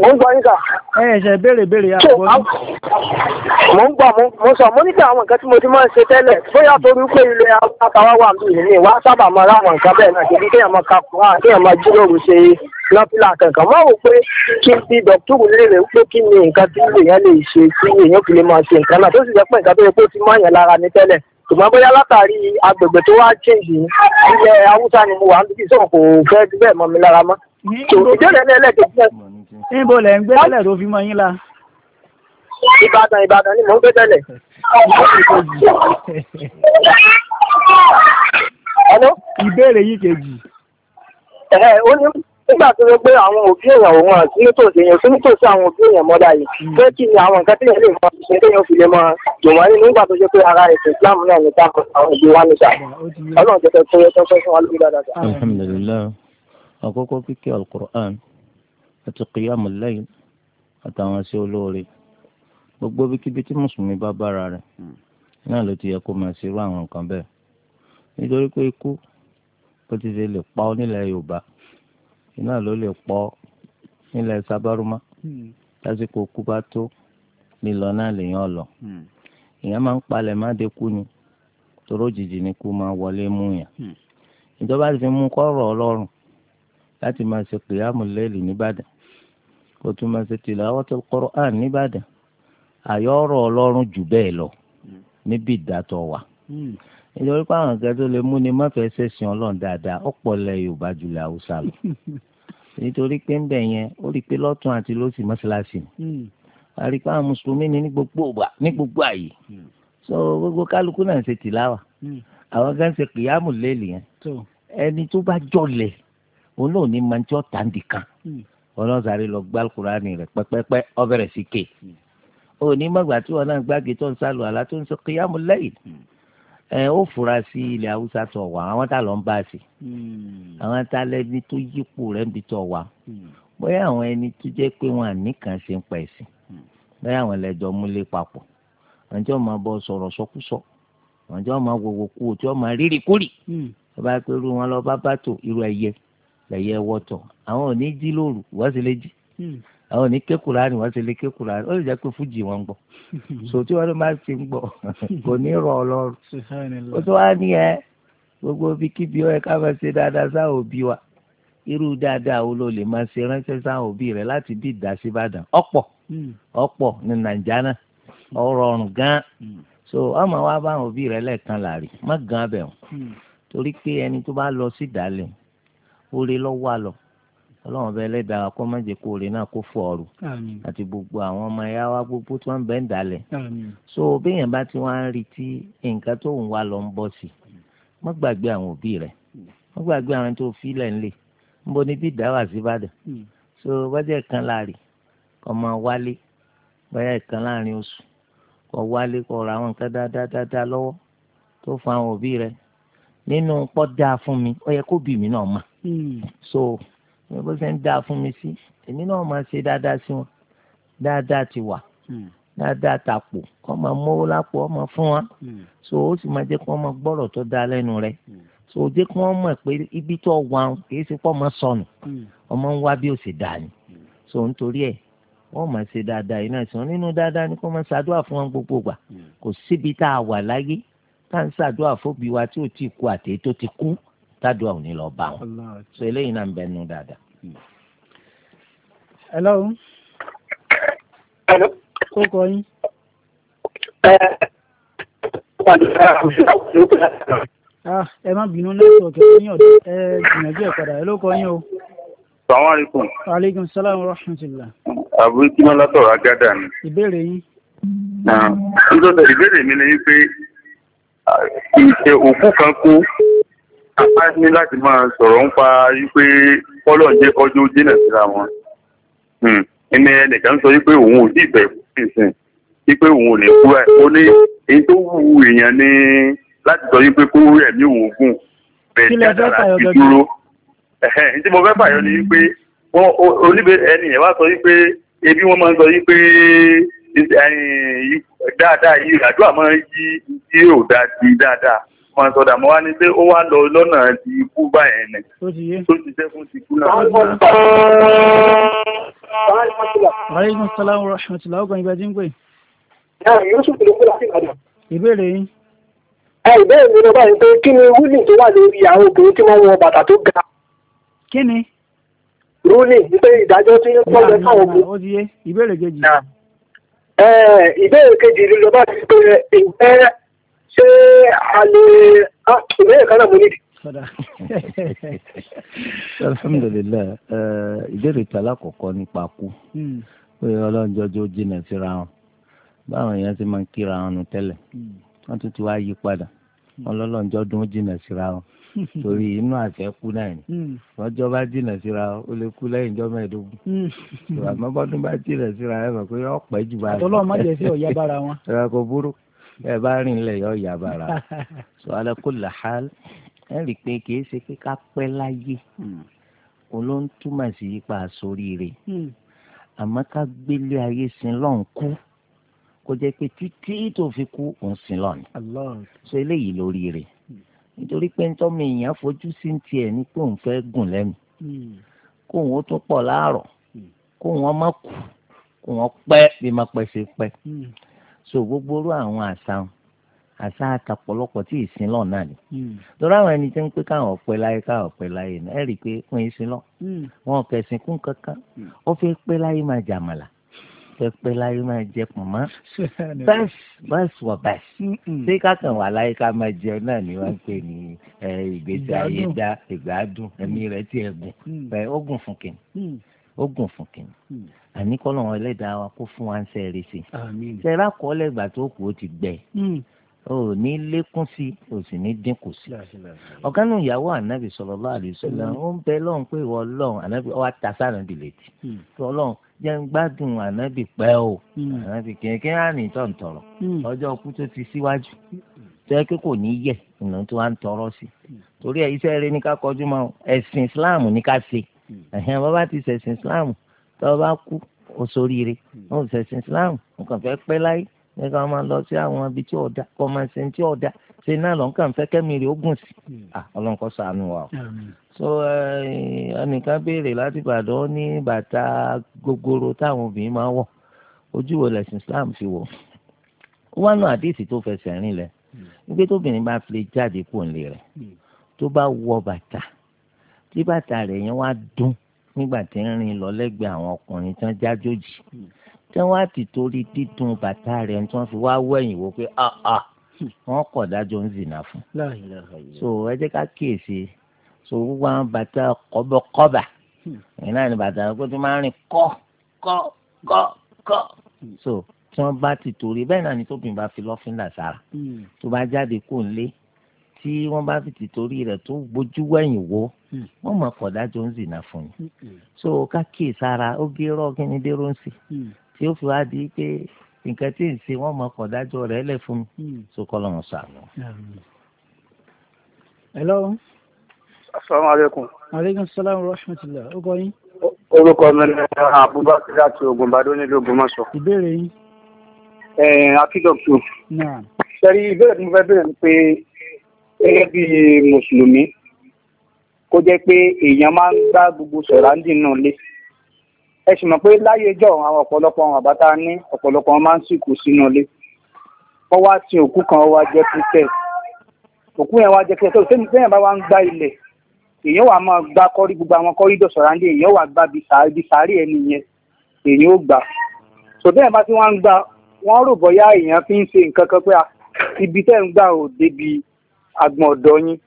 mo ń gbọ́ yíká. ẹ ẹ ṣe béèrè béèrè àgbọ̀ yìí. mo ń gbọ́ mo sọ mo níta àwọn nǹkan tí mo ti máa ń ṣe tẹ́lẹ̀ bóyá torí pé ilé àtàwá wà mí ní ìwà sábà máa láwọn nǹkan bẹ́ẹ̀ náà kìí kéèyàn máa kakùn á kéèyàn máa jíròrò ṣe lọ́pìlà kankan máa wò pé kí n ti dọ̀túrù léèrè pé kí ni nǹkan tí èèyàn lè ṣe tí èèyàn fi lè máa ṣe nǹkan náà tó sì jẹ́ pé nǹkan tó yẹ kó ti máa yàn lára ní tẹ́lẹ̀ ṣùgbọ́n bóyá látàrí agbègbè tó wá change ilẹ̀ haúsá ni mo wà níbi sọ̀rọ̀ kò fẹ́ bẹ́ẹ̀ mọ́ mi lára mọ́ ìbéèrè ẹlẹ́ẹ̀kejì níbo lẹ̀ ń gbé tẹ́lẹ̀ tó fi mọ yín la. ìbàdàn ìbàdàn ni mò ń gbé tẹ́lẹ̀. ìbéèrè yìí kejì. ẹ ó ní nígbà tó ló pé àwọn òbí èèyàn òun àti nítòsí èèyàn tó nítòsí àwọn òbí èèyàn mọ́dà yìí pé hmm. kí ni àwọn nǹkan tí èèyàn lè mọ ṣe téèyàn fi lè mọ jùmọ̀ nínú nígbà tó ṣe pé ara ẹ̀sìn Islam náà ní dáàbò àwọn òbí wa níta Ọlọ́run jẹ́ tó yẹ tó fẹ́ fún wa lórí dáadáa. Alhamdulillah àkọ́kọ́ kíkẹ́ Al-Qur'an àti kìyàmù lẹ́yìn àtàwọn sí olóore gbogbo bíkíbi tí mùsùlùmí bá bára rẹ̀ náà ló ti yẹ kó máa ṣerú àwọn nǹkan bẹ́ẹ̀ nítorí pé ikú bó ti ṣe lè pa ọ nílẹ̀ yorùbá iná ló lè pọ̀ nílẹ̀ sábárúmá lásìkò kú bá tó lílọ náà lèèyàn lọ èèyàn máa ń palẹ̀ má de kú ni toró jìjì ni kú máa wọlé mú yàn ìjọba ti fi mú kọ́rọ̀ ọlọ́run láti máa ṣe pèyàmù lẹ́ẹ̀lì nìbàdàn kó tún máa ṣe a Qur'an níbàdàn àyọ̀rọ̀ ọlọrụ jù bẹ́ẹ̀ lọ níbi ìdàtọ̀ wà. nítorí pé àwọn akẹ́kọ̀ọ́ lè mú ni má fẹ́ ṣẹ̀sìn ọlọ́run dáadáa ọ̀pọ̀ lẹ yorùbá jùlẹ̀ haúsá lọ. nítorí pé ń bẹ̀ yẹn ó rí i pé lọ́tún àti lọ́sì mọ́ṣáláṣí ni. a rí mùsùlùmí ni ní gbogbo àyè. so gbogbo kálukú náà ṣe tìláwà. àwọn kan ṣe kìyàmù léèlì yẹn. ẹni tó bá jọlẹ̀ òun náà ní mantí ọ̀tá nìkan. ọlọ́sàárẹ̀ lọ gbá alukurani rẹ̀ pẹ́pẹ́pẹ́ ọbẹ̀rẹ̀ sí ké òní mọ̀gbà tí wọn náà gbági tó ń sálù àlá tó ń sọ kíyàmù lẹ́yìn ẹ ó fura sí ilẹ̀ haúsá tó wà àwọn tá lọ ń bá a sí àwọn tá lẹ́ni tó yípo rẹ̀ ń bi tó wà bóyá àwọn ẹni tó jẹ́ pé wọn àníkàn ṣe ń pa ẹ̀sìn bóyá àwọn ẹlẹ́jọ́ múlé papọ̀ àwọn tí wọ́n máa sọkúsọ àwọn tí wọ́n kú tí wọ́n rírì kúrì hmm. tó bá wọn lọ bá bá irú ẹyẹ lẹyẹ wọtọ àwọn ò ní jí lóru wọ́n sì lè jí hmm. àwọn ò ní ké Kùránì wọ́n sì lè ké Kùránì ó lè jẹ́ pé fújì wọn gbọ́ sòtí wọn bá ti ń gbọ́ kò ní rọ Ọlọ́run ó tó wá ní ẹ gbogbo bíkíbi ó yẹ ká máa ṣe dáadáa sáwọn òbí wa irú dáadáa wo ló lè máa ṣe ránṣẹ́ sáwọn òbí rẹ láti bí ìdásí Ìbàdàn ọ̀pọ̀ hmm. ọ̀pọ̀ ní Nàìjíríà náà ọ̀rọ̀ gan hmm. so ọmọ wa bá àwọn òbí rẹ lẹ́ẹ̀kan láàrin má gan abẹ̀ wọn torí pé ẹni tó bá lọ sí ìdálẹ́wọ̀n oore lọ́wọ́ àlọ́ ọlọ́run ọba ẹlẹ́dàá kọ́ má jẹ́ kó oore náà kó fọ ọ̀rù àti gbogbo àwọn ọmọ ẹ̀yà wa gbogbo tí wọ́n ń bẹ́ ń dalẹ̀ so béèyàn bá ti wá ń retí nǹkan tó ń wá lọ ń bọ̀ sí má gbàgbé àwọn òbí rẹ̀ má gbàgbé àwọn tó fi ilẹ̀ ńlẹ̀ níbo ni bí ìdáwà sí ìbàdàn hmm. so bọ́jà kan láàrin kọ́ máa wálé bọ́jà kan láàrin oṣù kọ́ wálé kọ́ ra àwọn nǹkan dáadáa lọ́wọ́ tó fa àwọn òbí rẹ̀ nínú pọ́ dáa fún mi ó yẹ kó bì mí náà máa Hmm. so bó ṣe ń dáa fún mi sí èmi náà máa ṣe dáadáa sí wọn dáadáa ti wà hmm. dáadáa tàpò kọ́ máa mówó lápò ọ́ máa fún wa hmm. so ó sì máa jẹ́ kí wọ́n máa gbọ́rọ̀ tó dáa lẹ́nu rẹ̀ so jẹ́ kí wọ́n mọ̀ pé ibi tó wà ń kìí ṣe pọ́ máa sọnù ọmọ ń wá bí ó ṣe dáa ni so nítorí ẹ̀ wọ́n máa ṣe dáadáa yìí náà sí wọn nínú dáadáa ni kó máa ṣàdúrà fún wọn gbogbo gbà kò síbi tá a wà láyé tá à ń ṣàdúrà fóbi wa tí ò tí ì kú àtẹ̀yẹ tó ti kú. Mm tádùá ò ní lọ bá wọn so eléyìí náà ń bẹ nù dáadáa. Hmm. hello. hello. kó kọ yín. Ah, ẹ má bínú nẹ́tíwọ̀kì ní ọ̀dọ́ ẹ gbìyànjú ẹ̀ padà ẹ ló kọ yín o. salaamaleykum. aleykum salaam wa rahmatulah. àbúrò kí látọ̀rọ̀ agádà ni. ìbéèrè yín. ìbéèrè mi ni wípé ìṣe òkú kan kú apá ní láti máa sọ̀rọ̀ ń pa wípé kọ́lọ̀ jẹ́ kọjú dínà síra wọn hmm. ẹni ẹnìkan sọ wípé òun ò dìbò ìsìn wípé òun ò lè kú ẹ ó ní èyí tó wù èèyàn ní láti sọ wípé kó ẹ̀mí òun gùn bẹ́ẹ̀ dáadáa ti dúró ẹ̀hẹ́n tí mo fẹ́ fàyọ ni wípé wọn oníbẹ̀ ẹni ẹ̀ wá sọ wípé ebi wọn máa ń sọ wípé dáadáa yìí àdúrà máa ń yí yí ò dáadáa máa sọdà mo wá ní pé ó wá lọ lọ́nà ti ikú báyẹn ni tó ti jẹ́ fún ti kú náà. aleykum salaam wa rahmatulah ọgbọ̀n ìgbà tí ń pè. ìbéèrè yín. ẹ ìbéèrè mi ló bá yẹn pé kí ni wúlì tó wà lórí àwọn obìnrin tí wọ́n wọ bàtà tó ga. kí ni. rúlì pé ìdájọ́ tí ó pọ̀ lẹ́ka òun. ó di yé ìbéèrè kejì. ìbéèrè kejì ló bá ti pé ǹjẹ́ ṣé a lè ìbéèrè kan náà mo nídìí. alhamdulilayi ìbéèrè tí alákọ̀ọ́kọ́ nípa kú hmm. pé ọlọ́njọ́jọ́ jìnnà síra wọn báwọn èèyàn ti máa ń kíra wọn nù tẹ́lẹ̀ hmm. wọ́n tún ti wá yí padà wọn hmm. lọ́lọ́njọ́ jìnnà síra wọn torí inú kú náà síra ó lè kú lẹ́yìn mẹ́ẹ̀ẹ́dógún bá jìnnà síra ẹ̀ mọ̀ pé ọ̀pẹ́ jù bá bẹ́ẹ̀ bá rìn lẹ̀ yọ ìyá bàrà sọ alẹ́ kó là á ẹ̀ rí i pé kì í ṣe pé ká pẹ́ láyé hmm. òun ló ń túmọ̀ sí ipa àsoríire hmm. àmọ́ ká gbélé ayé sin lọ́n kú kó jẹ́ pé títí tó fi kú òun sin lọ́n so eléyìí lórí rẹ̀ hmm. nítorí pé ń tọ́mọ èèyàn fojú sí tiẹ̀ ní pé òun fẹ́ gùn lẹ́nu kóun ó tún pọ̀ láàrọ̀ kóun ọmọ kù kóun pẹ́ bí má pẹ́ ṣe pẹ́ so gbogbo orú àwọn àṣà àṣà àtàpọ̀lọpọ̀ tí ìsìn lọ náà ni. lọ́rọ̀ hmm. àwọn ẹni tí ń pé káwọn ọ̀pẹ láyé káwọn ọ̀pẹ láyé náà ẹ̀ rí i pé wọ́n ìsìn lọ. Hmm. wọn kẹ̀sìn kún kankan hmm. ó fẹ́ pẹ́ láyé máa jàmàlà fẹ́ pẹ́ láyé máa jẹ pọ̀nmọ́ bẹ́ẹ̀sì bẹ́ẹ̀sì wọ̀ bẹ́ẹ̀sì. ṣé kákan wà láyé ká máa jẹun náà ni wọ́n ń pè ní ìgbésí ayé dá ìgbádùn ẹ̀mí rẹ̀ tí gùn ó gùn fún kìnnì hmm. àní kọ́ lọ́wọ́ ẹlẹ́dàá wa kó fún wa ń sẹ́ẹ̀rì sí i sẹ́ẹ̀rà kọ́lẹ̀ ìgbà tó kù ó ti gbẹ o hmm. ò ní lékún sí o sì ní dínkù sí ọ̀kan nù ìyàwó ànábì sallallahu alaihi wasallam hmm. ó ń bẹ lọ́hùn pé ìwọ ọlọ́hùn ànábì ọ̀ àtàsá ànábì létí tó ọlọ́hùn jẹ́ ń gbádùn ànábì pẹ́ o ànábì kẹ̀kẹ́ àní tó ń tọrọ ọjọ́ ọkú tó ti síwájú tó yẹ kí kò ní yẹ ìnà tó wá ń tọrọ sí torí ẹ iṣẹ́ rẹ ní ká kọjú mọ́ ẹ̀sìn Islam ní ká ṣe Mm. ẹ̀hẹ́n wọ́n bá ti ṣẹ̀sìn islam tó bá kú o ṣoríire mm. islam nǹkan fẹ́ pẹ́ láyé nígbà wọn máa lọ sí àwọn ibi tí ọ̀dà kọ́ máa ṣe tí ọ̀dà ṣe náà lọ kàn fẹ́ sí mm. ah, wa so ẹnìkan béèrè láti Ìbàdàn ó ní gogoro táwọn obìnrin máa wọ̀ ojú wo islam fi wọ̀ ó wá àdéhìsì tó fẹsẹ̀ rìn lẹ̀ nígbà tóbìnrin bá fi jáde kúrò nílé wọ bàtà. tí bàtà yẹn wá dún nígbà tí ń rìn lọ lẹ́gbẹ̀ẹ́ àwọn ọkùnrin tí wọ́n jájòjì tí wọ́n á ti torí dídùn bàtà rẹ̀ tí wọ́n fi wá wẹ̀yìn wò pé ah ah wọ́n kọ̀ ń zìnà fún. so ẹ jẹ́ ká kíyèsí so gbogbo àwọn bàtà kọ́bọ̀kọ́bà ìyẹn hmm. náà ni bàtà pé tí wọ́n máa ń rìn kọ́ kọ́ kọ́ kọ́ hmm. so tí wọ́n bá ti torí bẹ́ẹ̀ náà ni tóbi bá fi lọ́fíńdà sára hmm. tó bá jáde kó ń lé tí wọ́n bá fi tìtorí rẹ̀ tó gbójú wẹ̀yìn wo hmm. wọ́n mọ̀ kọ̀dá tó ń zìnà fún yín hmm. so ká kì í sára ó gé rọ́ kí ni dérò ń sè hmm. tí ó fi wá di pé nǹkan tí ń ṣe wọ́n mọ̀ kọ̀dá tó rẹ̀ lẹ̀ fún mi so kọ́ lọ́run sàánú. hello. asalaamualeykum. aleykum salaam wa rahmatulah ó kọ́ yín. orúkọ mi ni Abubakar láti Ògùn Ìbàdàn nílùú Ògbómọ̀ṣọ́. ìbéèrè yín. ẹ akíndọ̀tù. sẹ́rí ìbéèrè mi fẹ́ bẹ̀rẹ̀ ni pé gẹ́gẹ́ bí mùsùlùmí kó jẹ́ pé èèyàn máa ń gbá gbogbo sọ̀ráǹdì náà lé ẹ sì mọ̀ pé láyé jọ àwọn ọ̀pọ̀lọpọ̀ àwọn àbáta ní ọ̀pọ̀lọpọ̀ máa ń sìnkú sínú ilé wọ́n wá sin òkú kan wá jẹ́ christian òkú yẹn wá jẹ́ christian tó sẹ́yìn bá wá ń gbá ilẹ̀ èèyàn wà máa gbá kọ́rí gbogbo àwọn kọ́rí dọ̀ sọ̀ráǹdì èèyàn wà gbá ibi sàárì ẹni yẹn èèyàn ó gbà sọ̀tẹ́yìn bá tí wọ́n ń gbá wọ́n rò bọ́yá èèyàn fi ń ṣe nǹkan kan pé ibi tẹ́ ń gbà ò débi agbọn ọ̀dọ́ yín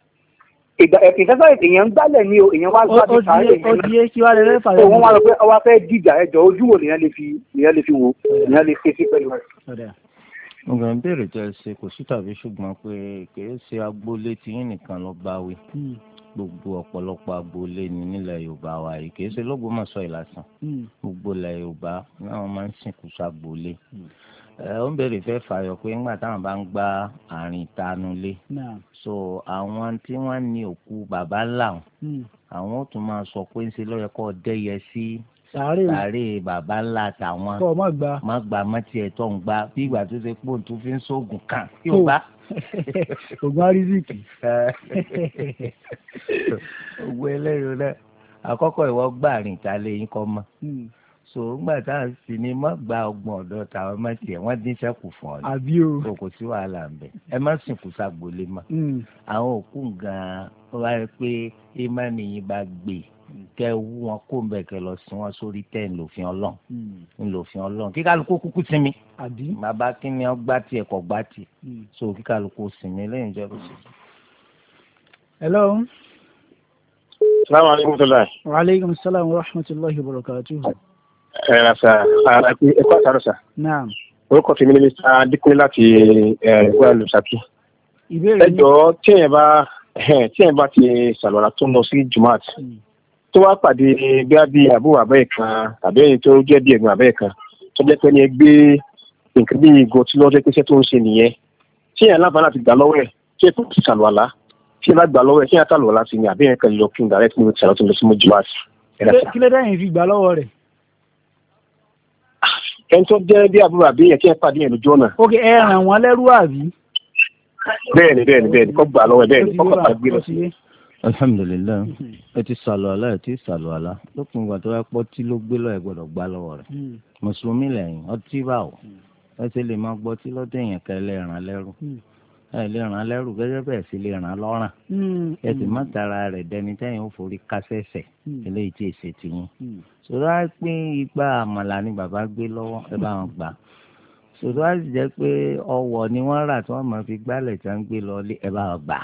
ìfẹ́fẹ́ èèyàn ń gbálẹ̀ ní o èèyàn wá ń gbàdé sáré ìfẹ́ òun wá lọ pé ọwọ́ fẹ́ dìjà ẹjọ́ ojú wo nìyẹn lè fi nìyẹn lè fi wo nìyẹn lè fi sí pẹ̀lú rẹ̀. ọgbà ń bèrè tẹ ṣe kò sí tàbí ṣùgbọ́n pé kìí ṣe agboolé tí yín nìkan lọ bá wí hmm. gbogbo ọ̀pọ̀lọpọ̀ agboolé ni nílẹ̀ yorùbá wa yìí kìí ṣe lọ́gbọ́n mọ̀ṣọ́ ìlàsàn hmm. gbogbo ilẹ̀ yorùbá náà máa ń sìnkú sagboolé ó ń bèrè fẹ́ fàyọ pé ńgbà táwọn bá ń gba àrìn tanulé so àwọn tí wọ́n ní òkú bàbá ńlá wọn hmm. àwọn ó tún máa sọ pé ńṣe ló yẹ kó dẹ́yẹ sí sàárè bàbá ńlá tàwọn má gba má tiẹ̀ tó ń gba bí ìgbà tó ṣe pé òun tún fi ń ṣoògùn kan kí o bá. ògùn arizikì. ògùn ẹlẹ́rìí rẹ̀ àkọ́kọ́ ìwọ gbàrìn ta lẹ́yìn kọ́ mọ́. Hmm so ńgbà tá a sì ní má gba ọgbọ̀n ọ̀dọ́ tàwọn má tiẹ̀ wọ́n dín sẹ́kù fún ọ ni àbí o so kò sí wàhálà ń bẹ ẹ má sìnkú sagbolé mọ́ mm. àwọn òkú gan-an wọ́n bá rí pé ìmánìyìn bá gbé kẹ wú wọn kó ń bẹ kẹ lọ sí wọn sórí tẹ ńlòfin Ọlọ́run ńlòfin mm. Ọlọ́run kíkálukú kúkú sinmi bàbá kíni ọgbà tiẹ̀ kọ gbà tiẹ̀ mm. so kíkálukú sinmi lẹ́yìn ìjọba òṣèlú. hello salaam aleykum salaam. wa salaam wa rahmatulahi wa barakatuhu ẹ̀rà sà ara ti ẹ̀kọ́ àtàrọ̀ sà. orúkọ tèmi ni mr adékúnlé láti ẹ̀gbọ́n eh, olùsàkí. ẹ jọ tí èèyàn bá eh, tí èèyàn bá ti sàlọ́ra tó ń lọ sí jumat hmm. tó wá pàdé bí abí àbúrò abẹ́ẹ̀ kan tàbí ẹni tó jẹ́ bí ẹ̀gbọ́n abẹ́ẹ̀ kan tó jẹ́ pé ẹni ẹ gbé nǹkan bí ìgò tí lọ́jọ́ pé iṣẹ́ tó ń ṣe nìyẹn tí èèyàn láǹfààní àti gbà lọ́wọ́ ẹ̀ tí èèyàn tó ti sàlọ́ra tí èèyàn bá gbà lọ́wọ́ ẹ̀ tí èèyàn sàlọ́ra sí ni àbí ẹ̀yàn kan lọ kí n dàrẹ́ tí mo ti sàlọ́ tó lọ sí mo jumat. kí ló dá yẹn fi gbà lọ́wọ́ rẹ̀? ẹni tó jẹ́ bí àbúrò àbí yẹn kí ẹ pàdé yẹn lójú ọ̀nà. ok ẹ ràn wọ́n lẹ́rú àbí. bẹ́ẹ̀ni bẹ́ẹ̀ni bẹ́ẹ̀ni kọ gbà lọ́wọ́ bẹ́ẹ̀ni kọ kọ pàdé lọ sí. alhamdulilayi ẹ ti sàlù àlá ẹ ti sàlù àlá lópin ìgbà tó bá pọ́ tí ló gbé lọ ẹ gbọ́dọ̀ gbá lọ́wọ́ rẹ̀ hmm. mùsùlùmí lẹ́yìn ọtí báwo hmm. ẹ ti lè máa gbọ́ tí lọ́dọ̀ èèyàn kẹlẹ́ ràn lẹ́rú hmm ẹ lè ràn lẹ́rù gẹ́gẹ́ bẹ́ẹ̀ sì lè ràn lọ́ràn hmm. ẹ sì má hmm. tara rẹ̀ dẹni tẹ́yìn ó forí kásẹ̀sẹ̀ hmm. eléyìí tí èsè ti yín sọdọ́ á pín igba àmàlà ni bàbá gbé lọ́wọ́ ẹ bá wọn gbà sọdọ́ á sì jẹ́ pé ọwọ́ ni wọ́n rà tí wọ́n máa fi gbálẹ̀ tí wọ́n gbé lọ ẹ bá wọn gbà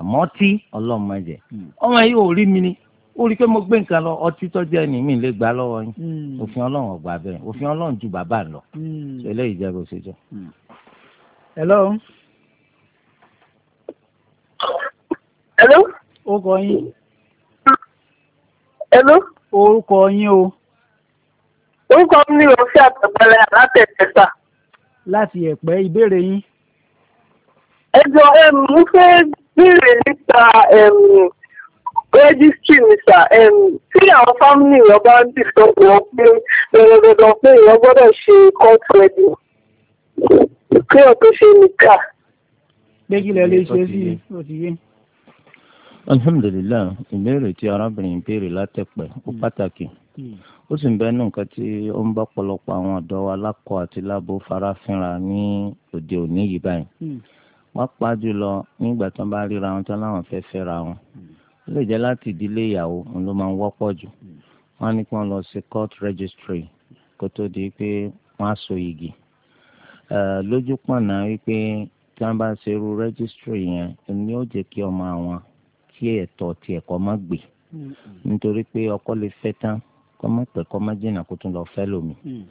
àmọ́ tí ọlọ́mọ jẹ ọmọ yìí ò rí mi ni ó rí i pé mo gbé nǹkan lọ ọtí tọ́jú ẹni mi lè gbà lọ́wọ́ yín òfin ọlọ́run ọgbà bẹ́ẹ̀ òfin ọlọ́run ju bàbá lọ eléyìí jẹ́ bó ṣe jọ. hello. Hello. Orúkọ yín. Hello. Orúkọ yín o. Orúkọ mi ni Òfin Àtẹ̀pẹ́lẹ́ láti Ẹ̀pẹ́ sà. Láti Ẹ̀pẹ́ ìbéèrè yín. Ẹ jọ mo fẹ́ béèrè nípa rẹ́gísítì mi sà tí àwọn fámìlì rẹ̀ bá ń dìtọ̀ wọ́n pé dandan pé èèyàn gbọ́dọ̀ ṣe court wedding kí ọ̀ tó ṣe nìkà. Gbégilẹ̀ lè ṣe sí i, ó ti yé. alhamdulilayi ìbéèrè tí arábìnrin béèrè látẹ̀pẹ́ ó hmm. pàtàkì hmm. ó sì ń bẹ nǹkan tí ó ń bá pọ̀lọpọ̀ àwọn àti farafinra ní òde òní yìí báyìí hmm. pa jùlọ nígbà tí bá ríra wọn wọn ó lè láti ìdílé ìyàwó ló máa ń jù ní kí lọ sí court so igi lójú wípé tí bá registry yẹn ni ó kí tí eto tí ẹ̀kọ́ má gbé nítorí pé ọkọ lè fẹ́ tán kọ́ má pẹ́ kọ́ má jìnnà kó tún lọ fẹ́ lómi mm.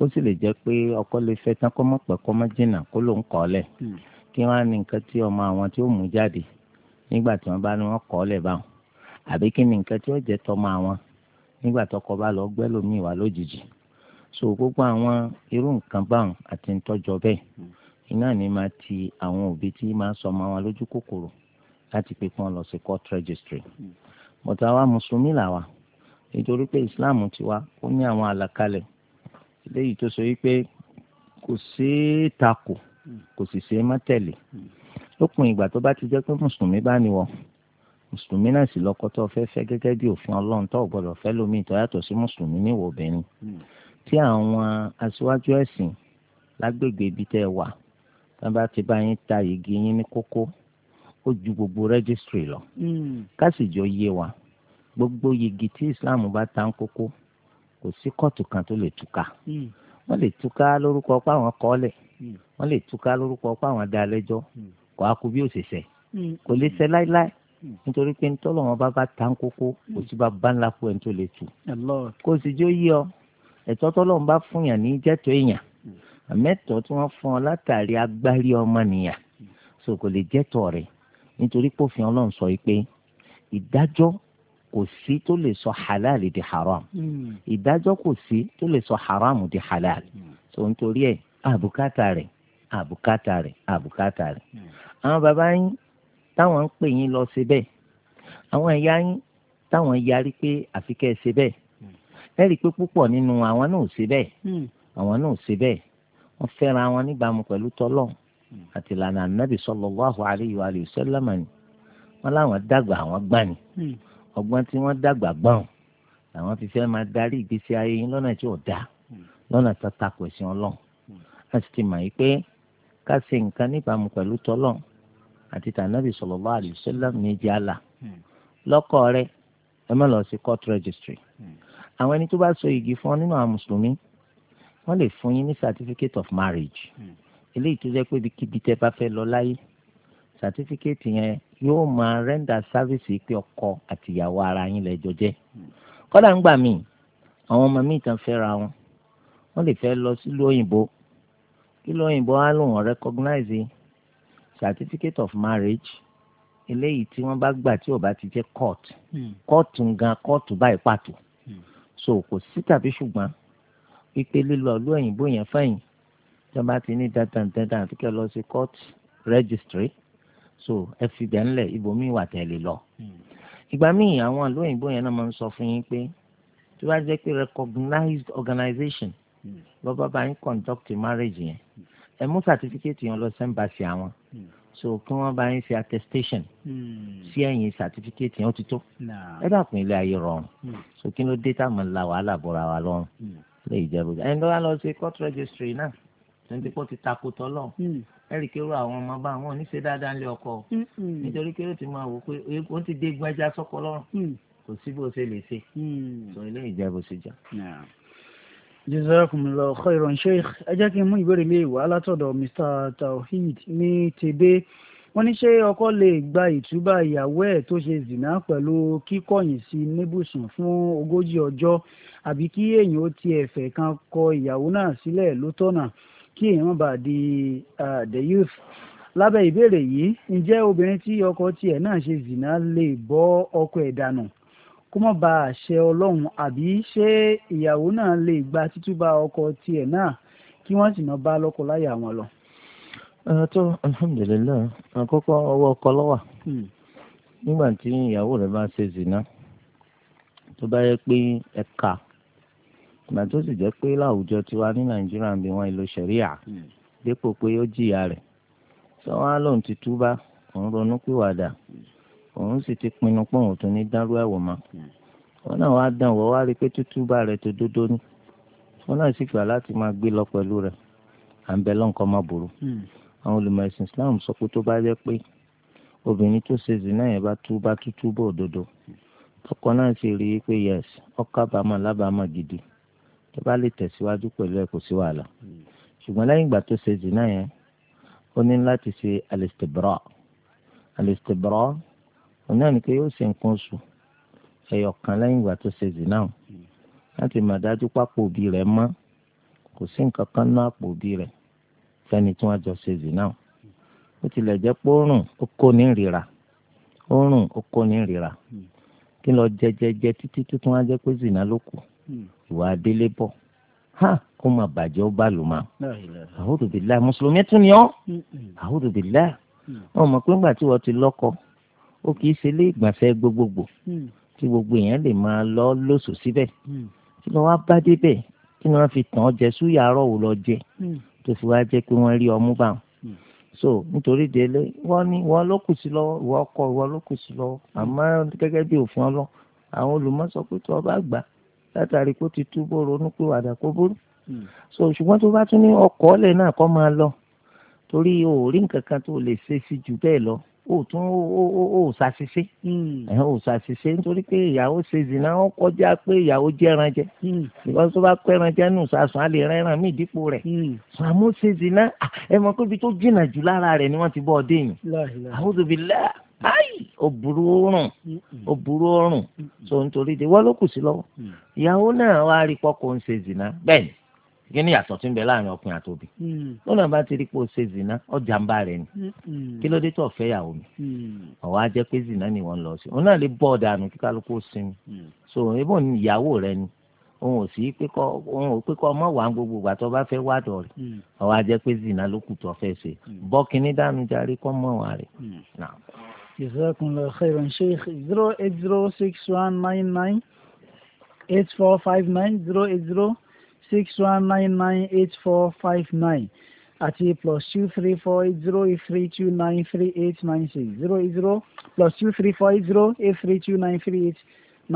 ó sì lè jẹ́ pé ọkọ lè fẹ́ tán kọ́ má pẹ́ kọ́ má jìnnà kó ló ń kọ́ lẹ̀ mm. kí wọ́n á ní nǹkan tí ọmọ àwọn tí ó mú jáde nígbà tí wọ́n bá ní wọ́n kọ́ lẹ̀ báwọn àbí kí ni nǹkan tí ó jẹ́ tọmọ so gbogbo àwọn irú nǹkan báwọn àti ntọ́jọ bẹ́ẹ̀ mm. iná ni máa ti àwọn òbí tí máa sọ ọmọ wọn lójú kòkòrò láti pé kí wọ́n lọ sí court registry bọ̀tà wa mùsùlùmí làwà nítorí pé islam ti wá ó ní àwọn àlàkalẹ̀ léyìí tó sọ wípé kò ṣeé takò kò sì ṣeé má tẹ̀lé lópin ìgbà tó bá ti jẹ́ pé mùsùlùmí bá ní wọ mùsùlùmí náà sì lọ́kọ tó fẹ́ fẹ́ gẹ́gẹ́ bí òfin ọlọ́run tó gbọ́dọ̀ fẹ́ lómi tó yàtọ̀ sí mùsùlùmí níwò obìnrin tí àwọn aṣíwájú ẹ̀sìn lágbègbè ibi tẹ́ wà tí wọ́n bá ti bá yín ta yìgì yín ní kókó ó ju gbogbo rẹ́gísítírì lọ. Hmm. ká sì jọ yé wa gbogbo yigi tí islam bá ta ń kókó kò sí kóòtù kan tó lè túká. Hmm. wọ́n lè túká lórúkọ páwọn kọ́lẹ̀ hmm. wọ́n lè túká lórúkọ páwọn dá lẹ́jọ́ kó a kú bí òṣìṣẹ́ kò lè ṣe láíláí nítorí pé ntọ́lọ́wọ́n bá bá ta ń kókó kò sí bá bá ńlá fún ẹ̀ tó lè tù. kò sì jọ yé ọ ẹ̀tọ́ tọ́lọ́wọ́n bá fún yàn ní jẹ́tọ̀ èèyàn àmẹ́tọ̀ tí wọ́n fún ọ látàrí agbárí ọmọnìyàn so kò lè jẹ́tọ̀ rẹ̀ nítorí pòfin ọlọ́run sọ pé ìdájọ́ kò sí tó lè sọ halal di haram hmm. ìdájọ́ kò sí tó lè sọ haram di halal tó hmm. ń torí ẹ̀ àbùkátà rẹ̀ àbùkátà rẹ̀ àbùkátà rẹ̀ hmm. àwọn bàbá yín táwọn ń pè yín lọ ṣe bẹ́ẹ̀ àwọn ìyá yín táwọn yarí pé àfi kẹ́ ẹ ṣe bẹ́ẹ̀ ẹ rí i pé púpọ̀ nínú àwọn náà ṣe bẹ́ẹ̀ àwọn náà ṣe bẹ́ẹ̀ wọ́n fẹ́ra wọn níbàámu pẹ̀lú tọ́lọ́hún àti ìlànà anabi sallallahu alayhi wa sallam ni wọn làwọn dàgbà àwọn gbà ni hmm. ọgbọ́n tí wọ́n dàgbà gbọ́n làwọn fi fẹ́ máa darí ìgbésí ayé yín lọ́nà tí ò dáa hmm. lọ́nà tó takò sí ọlọ́run hmm. a sì ti mọ̀ yìí pé ká ṣe nǹkan níbàámu pẹ̀lú tọ́lọ́n àti tànàbì sallallahu alayhi wa sallam méjì àlà lọ́kọ rẹ ẹ má lọ sí court registry àwọn ẹni tó bá so igi fún ọ nínú àwọn mùsùlùmí wọ́n lè fún yín ní certificate of marriage. Mm eléyìí tó jẹ́ pé ibikíbi tẹ́ bá fẹ́ lọ láyé sàtífíkẹ́ẹ̀tì yẹn yóò máa rẹ́ńdà sáfíìsì pé ọkọ àtìyàwó ara yín lẹ́jọ́ jẹ́ kọ́dà ń gbà míì àwọn ọmọ míì tán fẹ́ ra wọn wọ́n lè fẹ́ lọ sílùú òyìnbó kílùú òyìnbó á lò wọ́n recognize certificate of marriage eléyìí tí wọ́n bá gbà tí ò bá ti jẹ́ court hmm. court gan court báyìí pàtó hmm. so kò sí tàbí ṣùgbọ́n pípé lílọ ìlú òyìnbó yẹn fẹ́yìn tí wọ́n bá ti ní dandan dandan àti kẹ́ lọ sí court registry so ẹ fi bẹ́ẹ̀ ńlẹ̀ ibòmíì wà tẹ̀lé lọ. ìgbà míì àwọn àlóyìnbó yẹn náà máa ń sọ fún yín pé tí bá jẹ́ pé recognized organization lọ́ bá bá ń conduct marriage yẹn ẹ mú certificate yẹn lọ sẹ́ńbàṣì àwọn so kí wọ́n bá ń ṣe attestation sí ẹ̀yìn certificate yẹn ó ti tó ẹ dàpọ̀ ilé ayé rọrùn so kí ló dé táwọn la wàhálà bọ̀ra wa lọ́rùn lè jẹ́ bójú ẹni tó wá lọ sí court registry náà tẹ̀ǹtì pọ̀ ti takò tọ́lọ̀ hmm. ẹ̀rì kérò àwọn ọmọ bá wọn ní ṣe dáadáa lé ọkọ hmm, hmm. nítorí kérò ti máa wò pé ó ti dé gbájá sọ́kọ lọ́rùn kò sí bó ṣe lè ṣe sọ ilé ìjẹ́ bó ṣe jà. jazakumullahu khairan sheikh ẹ jẹ́ kí n mú ìbéèrè lé ìwà látọ̀dọ̀ mr tawhid ní tebe wọ́n ní ṣé ọkọ lè gba ìtúbà ìyàwó ẹ̀ tó ṣe zìnà pẹ̀lú kíkọ̀yìn sí níbùsùn fún ogójì ọjọ́ àbí kí èèyàn ó tiẹ̀ fẹ́ kan kọ ìyàwó náà sílẹ̀ lótọ́nà kí èèyàn bá di the youth lábẹ́ ìbéèrè yìí ǹjẹ́ obìnrin tí ọkọ tiẹ̀ náà ṣe zina lè bọ́ ọkọ ẹ̀ dànù kó má ba àṣẹ ọlọ́run àbí ṣé ìyàwó náà lè gba títúbà ọkọ tiẹ̀ náà kí wọ́n sì máa bá lọ́kọ láyà wọn lọ. ẹ tó alhamdulilayi àkọ́kọ́ ọwọ́ ọkọ lọ́wà hmm. nígbà tí ìyàwó rẹ̀ bá ṣe zina tó bá yẹ pé ẹ̀ka. E ìgbà tó sì jẹ́ pé láwùjọ tiwa ní nàìjíríà ń bí wọn ìlò ṣẹ̀ríà hmm. dépò pé ó jìyà rẹ̀ sọ wá lòun ti túbá òun ronú pìwàdà òun sì ti pinnu pé òun tó ní dárú ẹ̀wọ̀ mọ́ hmm. wọn náà wá dán wọ́n wá rí pé tútúbá rẹ̀ tó dódó ni wọn náà sì gbà láti máa gbé lọ pẹ̀lú rẹ̀ à ń bẹ lọ́nkọ́ má burú hmm. àwọn olùmọ̀ Islam sọ pé tó bá jẹ́ pé obìnrin tó ṣe zina yẹn bá túbá tútúbọ̀ òdodo ọkọ náà sì rí i pé yẹs ọkọ àbámọ̀ lábàámọ̀ gidi tó bá lè tẹ̀síwájú pẹ̀lú ẹ̀ kò sí wàhálà ṣùgbọ́n lẹ́yìn ìgbà tó ṣe zina yẹn ó ní láti ṣe alistibra alistibra òun náà ni pé yóò ṣe nǹkan oṣù ẹyọ kan lẹ́yìn ìgbà tó ṣe zina o láti mọ̀ dájú pápò òbí rẹ̀ mọ́ kò sí nǹkan kan náà àpò òbí rẹ̀ fẹ́ni tí wọ́n jọ ṣe zina ó tilẹ̀ jẹ́ pé oorun ó kó ní ìrira oorun ó kó ní ìrira kí lọ jẹjẹjẹ títí tó tún wá jẹ́ pé zina ló kù ìwà adélébọ̀ ha kó máa bàjẹ́ ó bá lò máa àwòdù bìlá mùsùlùmí tún ni ọ́ àwòdù bìlá wọn mọ̀ pé ńgbà tí wọ́n ti lọ́kọ ó kì í ṣe ilé ìgbọ̀nsẹ̀ gbogbogbò mm. tí gbogbo èèyàn lè máa lọ lóṣù síbẹ̀ mm. kí ló wá bá débẹ̀ kí ló wá fi tàn án jẹ súyà wò lọ jẹ mm. tó fi wá jẹ́ pé wọ́n rí ọmú bá wọn so nítorí délé wọ́n ní wọ́n ló kù sí lọ́wọ́ ìwọ ọkọ ìwọ ló kù sí lọ́wọ́ àmọ́ gẹ́gẹ́ bí òfin ọlọ́ àwọn olùmọ̀ sọ pé tó o bá gbà á látàrí kó ti túbọ̀ ronúpìwàdà kó burú hmm. so ṣùgbọ́n tó bá tún ní ọkọ̀ ọ̀lẹ̀ náà kọ́ máa lọ torí o ò rí nǹkan kan tó lè ṣe sí jù bẹ́ẹ̀ lọ o tún o ò ṣàṣìṣe hmm. o ṣàṣìṣe nítorí pé ìyàwó ṣe zìnà wọn kọjá pé ìyàwó jẹran jẹ because hmm. tó bá pẹran jẹ nù sàṣùn á lè rẹran mí dípò rẹ sùn àmọ́ ṣe zìnà ẹ mọ̀ pé ibi tó jìnnà jù lára rẹ̀ ni wọ́n ti bọ́ ọ dé yìí àwọn òbí lẹ́yà ayi ó burú oorun ó burú oorun tó nítorí de wọ́n ló kù sí lọ́wọ́ ìyàwó náà wá rí pọ́kó ń ṣe zìnà bẹ́ẹ̀ ni kí ni yàtọ̀ tí ń bẹ láàrin ọkùnrin àti obì lọ́nà bá ti rí pé ṣe zìnà ọjà ń bá rẹ ni kí ló dé tó fẹ́ yàwó mi ọ̀wọ́ á jẹ́ pé zìnà ni wọ́n lọ sí òun náà lè bọ́ ọ̀dànù kí kálukú sinmi so ebó ni ìyàwó rẹ ni òun ò sí pé kọ́ òun ò pé kọ́ ọmọ wà ń gbogbo ìgbà tó bá fẹ́ wá dọ̀ rẹ̀ ọ̀wọ́ á pé zìnà ló kù tó fẹ́ ṣe bọ́ dànù járe kọ́ mọ́ wà rẹ̀ jazakumullahu khairan sheikh zero eight zero six one nine nine eight four five nine zero eight zero six one nine nine eight four five nine àti plus two three four eight zero eight three two nine three eight nine six zero eight zero plus two three four eight zero eight three two nine three eight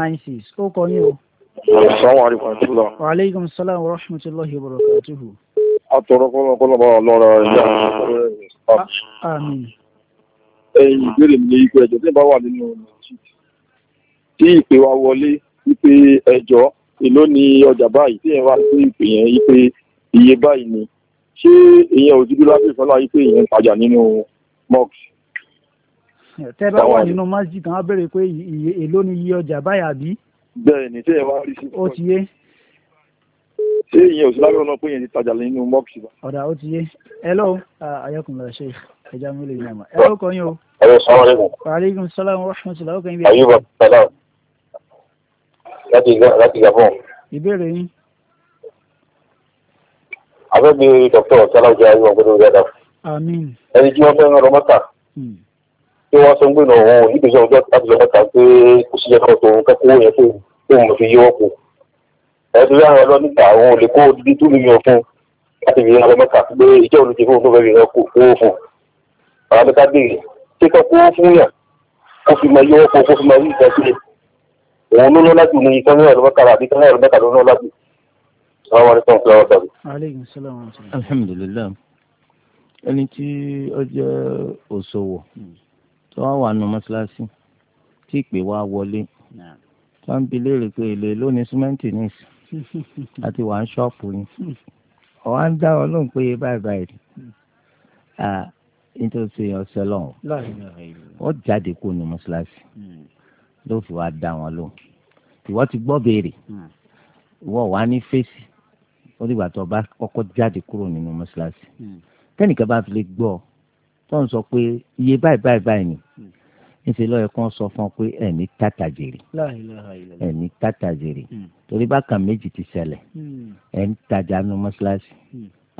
nine six ó kọ ní o. salaamaleykum wa wa aleykum salaam wa rahmatulahi wa barakatuhu. a tọrọ kọlọ kọlọ bá a lọrọ ẹ ẹ̀yìn ìbéèrè mi ní ipò ẹ̀jọ̀ tí ìbá wà nínú nàìjíríà tí ìpè wa wọlé wípé ẹ̀jọ̀ èló ni ọjà báyìí tí èèyàn wá sí ìpè yẹn wípé iye báyìí ni ṣé èèyàn òjúdú lábẹ́ ìfọlá wípé èèyàn ń tajà nínú mọ́ọ̀kì. tẹ́ bá wà nínú masjid kan á béèrè pé èló ni iye ọjà báyìí àbí. bẹ́ẹ̀ ni tí èèyàn wá rí sí. ó ti yé ṣé ìyẹn òsínlábẹ́ ọ̀nà pé yẹn ti tajà nínú mọ́ọ̀kì. ọ̀dà ó ti yé hello uh, ayọ̀kùnrin ṣe ẹja mi lè yàmà ẹ lóko yín o. ẹ̀rọ sọ́wọ́n lẹ́kọ̀ọ́. wàhálẹ́kùn sọ́lá wọn rọ́ṣùn sílá ọkàn ibi. àyùbá sọ́lá láti gabon. ìbéèrè yín. àbẹ́bí dọ́kítọ̀ sọ́lájú ayé wọn gbọ́dọ̀ yàtọ̀. àmín. ẹni tí wọ́n fẹ́ rán lọ́mọ́ta. Hmm. tí wọ́n sọ ń gbìnà òun nígbèsè ọjọ́ láti lọ́mọ́ta pé kò sí ẹ̀kọ́ tó ń kẹ́kọ̀ọ́ yẹn fún òun fi yíwọ́ kù. ẹ̀sùn láwọn ọlọ́ níta àwọn olè kó dídí tó lè yàn fún láti fi rán lọ́mọ́ta pé ìjọ́ olùdíje fún òun tó fẹ́ fi rán kó fún àwọn abẹ́ká béèrè ṣé kọ́ kó fún yàn kó fi máa yọwọ́ kó kó fi máa rí ìtàn sílẹ̀ òun ló lọ́lá jù ní ìtàn náà lọ́bàkà àbí ìtàn náà lọ́bàkà ló lọ́lá jù. àwọn àrẹ tán fúláwọ́ dàbí. alhamdulilayi ẹni tí ó jẹ́ òṣòwò tó wá wà nù mọ́ṣáláṣí tí ìpè wá wọlé wọ́n ń bi léèrè pé èlé lónìí símẹ́ǹtì nìsí àti wà ń ṣọ́ọ̀pù ni ọ̀wá ń dá ọ lóhùn pé báyìí báyìí nítorí ṣe ọsẹ lọ́hùn ó jáde kó nu mọ́ṣáláṣí hmm. ló fi wá dá wọn lóhùn ìwọ ti gbọ́ béèrè hmm. ìwọ wà ní fèsì ó dìgbà tó bá kọ́kọ́ jáde kúrò nínú mọ́ṣáláṣí hmm. tẹ́nìkan bá fi lè gbọ́ tó ń sọ pé iye báyìí báyìí báyìí ni níṣẹ́ lọ́yẹ̀ kan sọ fún ọ pé ẹ̀mí tàtàjèrè ẹ̀mí tàtàjèrè torí bákan méjì ti ṣẹlẹ̀ ẹ̀ ń tajà nu mọ́ṣáláṣí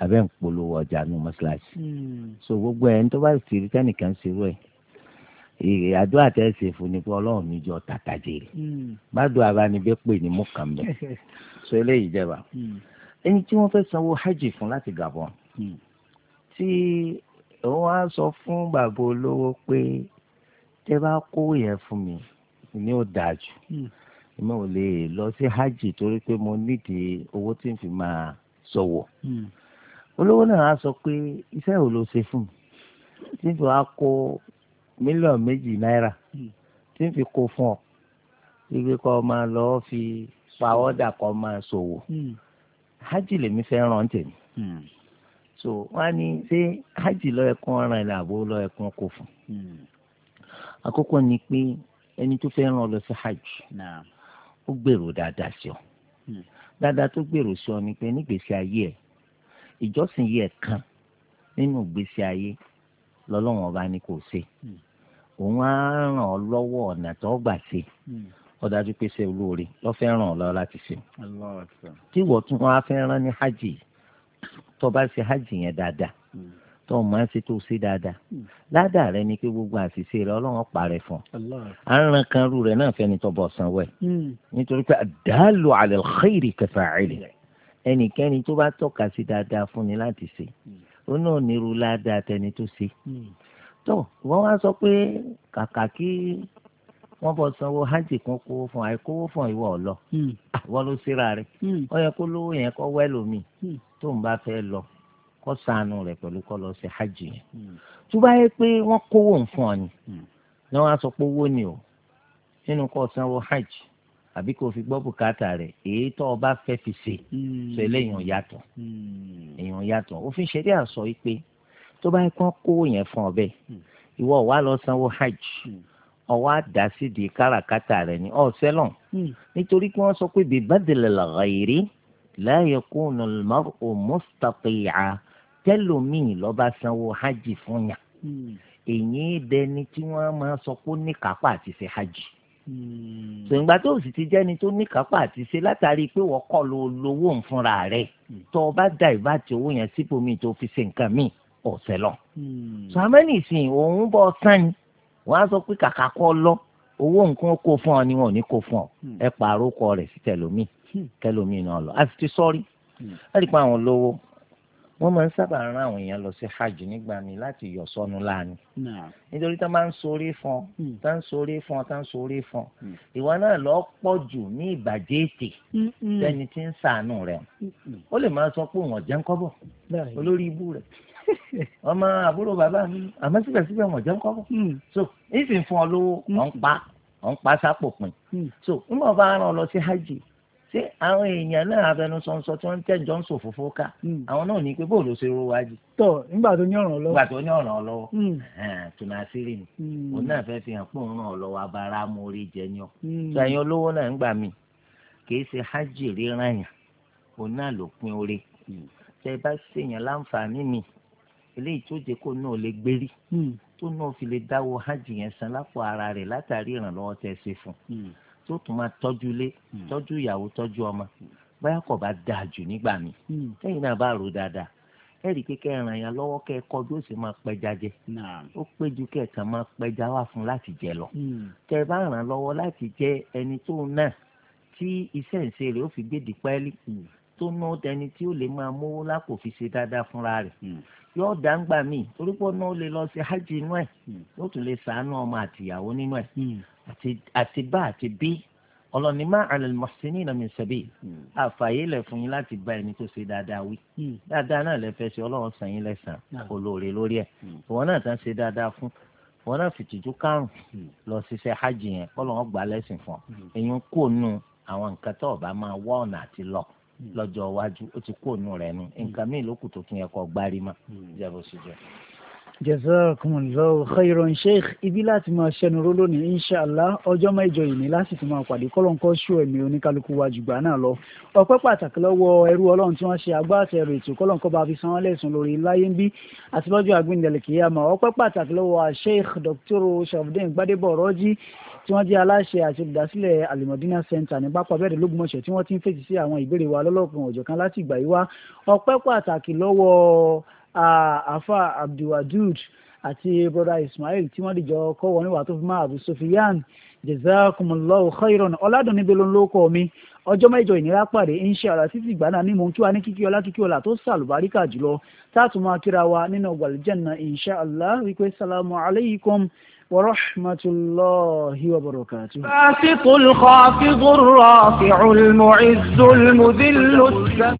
abẹ́ ń polówó ọjà nù mọ́ṣáláṣí. Hmm. so gbogbo ẹ̀ ń tó bá sì rí tẹ́nìkan ṣerú ẹ̀ àdó àtẹ̀sẹ̀ fún ni pé ọlọ́run mi jọ tàtà jèrè hmm. gbádùn abánibẹ́ pè ní mọ́kànbẹ́ so eléyìí jẹba hmm. ẹni tí wọ́n fẹ́ sanwó hajj fún láti Gabon tí òun á sọ fún bàbá olówó pé tẹ́ bá kówó yẹn fún mi ni ó dáa jù mo ò lè lọ sí hajj torí pé mo nídìí owó tí n fi máa ṣòwò. So olówó náà á sọ pé iṣẹ́ ò ló ṣe fún mi tí n fi wá kó mílíọ̀nù méjì náírà tí n fi kó fún ọ ibi kọ́ máa lọ fi pàwọ́dà kọ́ máa ṣòwò hmm. hajj lèmi fẹ́ ràn tèmi hmm. so wọ́n á ní ṣé hajj lọ́ọ̀ẹ́kún ọ̀ràn ilẹ̀ àbò lọ́ọ̀ẹ́kún kò fún hmm. àkọ́kọ́ ni pé ẹni tó fẹ́ ràn lọ sí hajj ó gbèrò dáadáa sí ọ dáadáa tó gbèrò sí ọ ni pé nígbèsí ayé ẹ̀ ìjọsìn yìí ẹ̀kan nínú ìgbésí ayé lọ́lọ́wọ́n ọba ni kò ṣe hmm. òun á ràn ọ́ lọ́wọ́ ọ̀nà tó gbà ṣe hmm. ó dájú pé ṣe olóore ló fẹ́ ràn ọ́ lọ́wọ́ láti ṣe. tí ìwọ tún wọn á fẹ́ rán ní hajj tó bá ṣe hajj yẹn dáadáa hmm. tó máa ń ṣe tó ṣe dáadáa ládàá rẹ ni pé gbogbo àṣìṣe rẹ ọlọ́run parẹ́ fún ọ àrùn kan rú rẹ náà fẹ́ni tó bọ̀ sanwó ẹ̀ nítorí pé àdáàlú àlẹ́ xeyìrì kẹfà àìlè ẹnikẹ́ni tó bá tọ́ka sí dáadáa fún ni láti ṣe hmm. ó náà nírú ládàá tẹni tó ṣe. Hmm. tó wọ́n wá sọ pé kàkà kí wọ́n bọ̀ sanwó hajj kan kówó fún àìkówó fún ìwọ ọ̀lọ́ hmm. wọ́n ló síra rẹ̀ ó yẹ kó lówó yẹn kó wẹ́ lómi tó ń bá fẹ́ lọ kó sànù rẹ̀ pẹ̀lú kó lọ sí hajj yẹn. tó bá yẹ pé wọ́n kówó nǹkan ni wọ́n wá sọ pé owó ni o nínú kó sanwó hajj àbí kò fi gbọ́ bùkátà rẹ̀ èyí tó o bá fẹ́ fi ṣe sọ hmm. eléyìí yàtọ̀ èyàn hmm. yàtọ̀ òfin ṣeré àsọ yìí pé tó bá kán kó yẹn fún ọ bẹ́ẹ̀ hmm. ìwọ wà lọ sanwó hajj ọwọ́ àdásí di káràkátà rẹ̀ ní ọ̀sẹ́lọ̀n nítorí pé wọ́n sọ pé bíbádìlẹ̀ làgàyèrè láàyè kó nàlmọ́ òmùsítàkìyà tẹ́lómìn lọ́ba sanwó hajj fún yàn èyí dẹni tí wọ́n máa sọ pé ó ní kápá àti ṣe hajj. Hmm. sèǹgbà tó sì ti jẹ́ni tó ní kápá àti ṣe látàrí pé wọ́n kọ́ lo lówó ń rẹ̀ hmm. tó o bá dá ìbáàtì owó yẹn síbòmí tó fi ṣe nǹkan míì ọ̀sẹ̀ lọ. Hmm. sàmẹ́nì ìsìn òun bọ́ sán ni wọ́n á sọ pé kàkà kọ́ lọ owó nǹkan kó fún ọ ni wọn ò ní kó fún ọ ẹ pààrọ̀ kọ rẹ̀ sí tẹlómi tẹlómi náà lọ a sì ti sọ́rí ẹ rí i àwọn olówó wọ́n máa ń sábà rán àwọn èèyàn lọ sí hajj nígbà mi láti yọ sọnù láàánú nítorí tá máa ń sórí fún hmm. tá ń sórí fún tá ń sórí fún hmm. ìwọ náà lọ pọ̀ jù ní ìbàjẹ́ ètè sẹ́ni tí ń sàánú rẹ̀ ó lè máa sọ pé wọ́n jẹ́ ń kọ́bọ̀ olórí ibú rẹ̀ ọmọ àbúrò bàbá mi àmọ́ síbẹ̀síbẹ̀ wọ́n jẹ́ ń kọ́bọ̀ hmm. so ìsìn fún ọ lówó ọ̀ ń pa ọ̀ ń pa sápò pin so ń bọ̀ bá rán ọ lọ sí hajj ṣé àwọn èèyàn náà afẹnusọ̀nsọ tí wọ́n ń tẹ̀ jọ ń sò fòfó ká hmm. àwọn náà ní pé bóòlù ṣe ro wájú. tọ nígbà tó ní ọ̀ràn lọ́wọ́. nígbà tó ní ọ̀ràn lọ́wọ́ hmm. tùnà sírì ni hmm. òun náà fẹ́ fi hàn pé òun ràn lọ́wọ́ abara mórí jẹ ní ọ. sọ ẹ̀yin olówó náà ń gbà mí kì í ṣe hajj ríran yàn òun náà ló pin oore. tẹ bá ṣèyàn láǹfààní mi eléyìí tó jẹ kó náà lè gbérí tó náà fi lè dáwọ́ hajj yẹn san lápò ara rẹ̀ látàrí ìrànlọ́wọ́ tó tún máa tọ́jú ilé hmm. tọ́jú ìyàwó tọ́jú ọmọ báyà kò bá dáa jù nígbà mi lẹ́yìn hmm. náà bá rò dáadáa ẹ rí i pé yẹn lọ́wọ́ kẹ kọ́ bí ó sì máa pẹja jẹ lọ tẹ bá ràn lọ́wọ́ láti jẹ ẹni tó tí iṣẹ́ ìṣe rẹ̀ ó fi gbé tó ná dẹni tí ó lè máa mówó lápò fi ṣe dáadáa fúnra rẹ̀ hmm. yóò dá ń gbà míì torí pé ọ̀nà ó lè lọ sí hajj inú ẹ̀ hmm. yóò tún lè sàánú ọmọ àtìyàwó nínú ẹ̀ hmm. àti bá àti bí ọlọ́ni máa àlẹ́ mọ̀síní ìnà mi sẹ́bi àfààyè lẹ̀ fún yín láti gba ẹni tó ṣe dáadáa wí dáadáa náà lẹ fẹ́ ṣe ọlọ́run san yín lẹ́san olóore lórí ẹ̀ ìwọ náà tán ṣe dáadáa fún ìwọ náà fìtìjú kárùn lọ ṣiṣẹ́ hajj yẹn ọlọ́run gbà lẹ́sìn fún ọ lọ́jọ́ iwájú ó ti kó ònú rẹ̀ nu hmm. nǹkan míì lókù tó tún yẹ kó gbárí mọ́ ìjẹ́bù hmm. síjọ́ jazakumullahu khairan sheikh ibi láti máa ṣẹnu ró lónìí inshallah ọjọ́ mẹ́jọ yìí ni láti tún máa pàdé kọ́lọ́ńkọ́ ṣú ẹ̀mí oníkálukú wa jùgbà náà lọ ọpẹ́ pàtàkì lọ́wọ́ ẹrú ọlọ́run tí wọ́n ṣe agbáàtẹ̀rù ètò kọ́lọ́ńkọ́ bá fi san wọ́n lẹ́sùn lórí láyé ń bí àti lọ́jọ́ àgbéǹdẹ̀lẹ̀ ọpẹ́ pàtàkì lọ́wọ́ sheikh dr sharafdin gbadebo rọ́jí tí wọ́n jẹ́ aláṣẹ àti olùdásílẹ̀ alimọ̀dínà center ní pápá bẹ́ẹ̀ lógúnmọ̀ṣẹ́ tí wọ́n ti ń fèsì sí àwọn ìbéèrè wa lọ́lọ́kan òjọ̀kan láti ìgbà yìí wá ọpẹ́ pàtàkì lọ́wọ́ afa abdulwadud àti broda ismail tí wọ́n dìjọ kọ́ wọn níwà tó fi máa abu sofiyan jazakumullahu khairan ọ̀làdùn níbi ló ń lóko mi ọjọ́ mẹ́jọ ìnira pàdé inshallah títí ìgbà náà ní mò ń kí wa ní kíkí ọlá kíkí ọlá tó sàlùbáríkà jùlọ táàtù máa kíra wa nínú gbàlùjẹ́nà inshallah wípé salamu alaykum wa rahmatulahi wa barakatuh.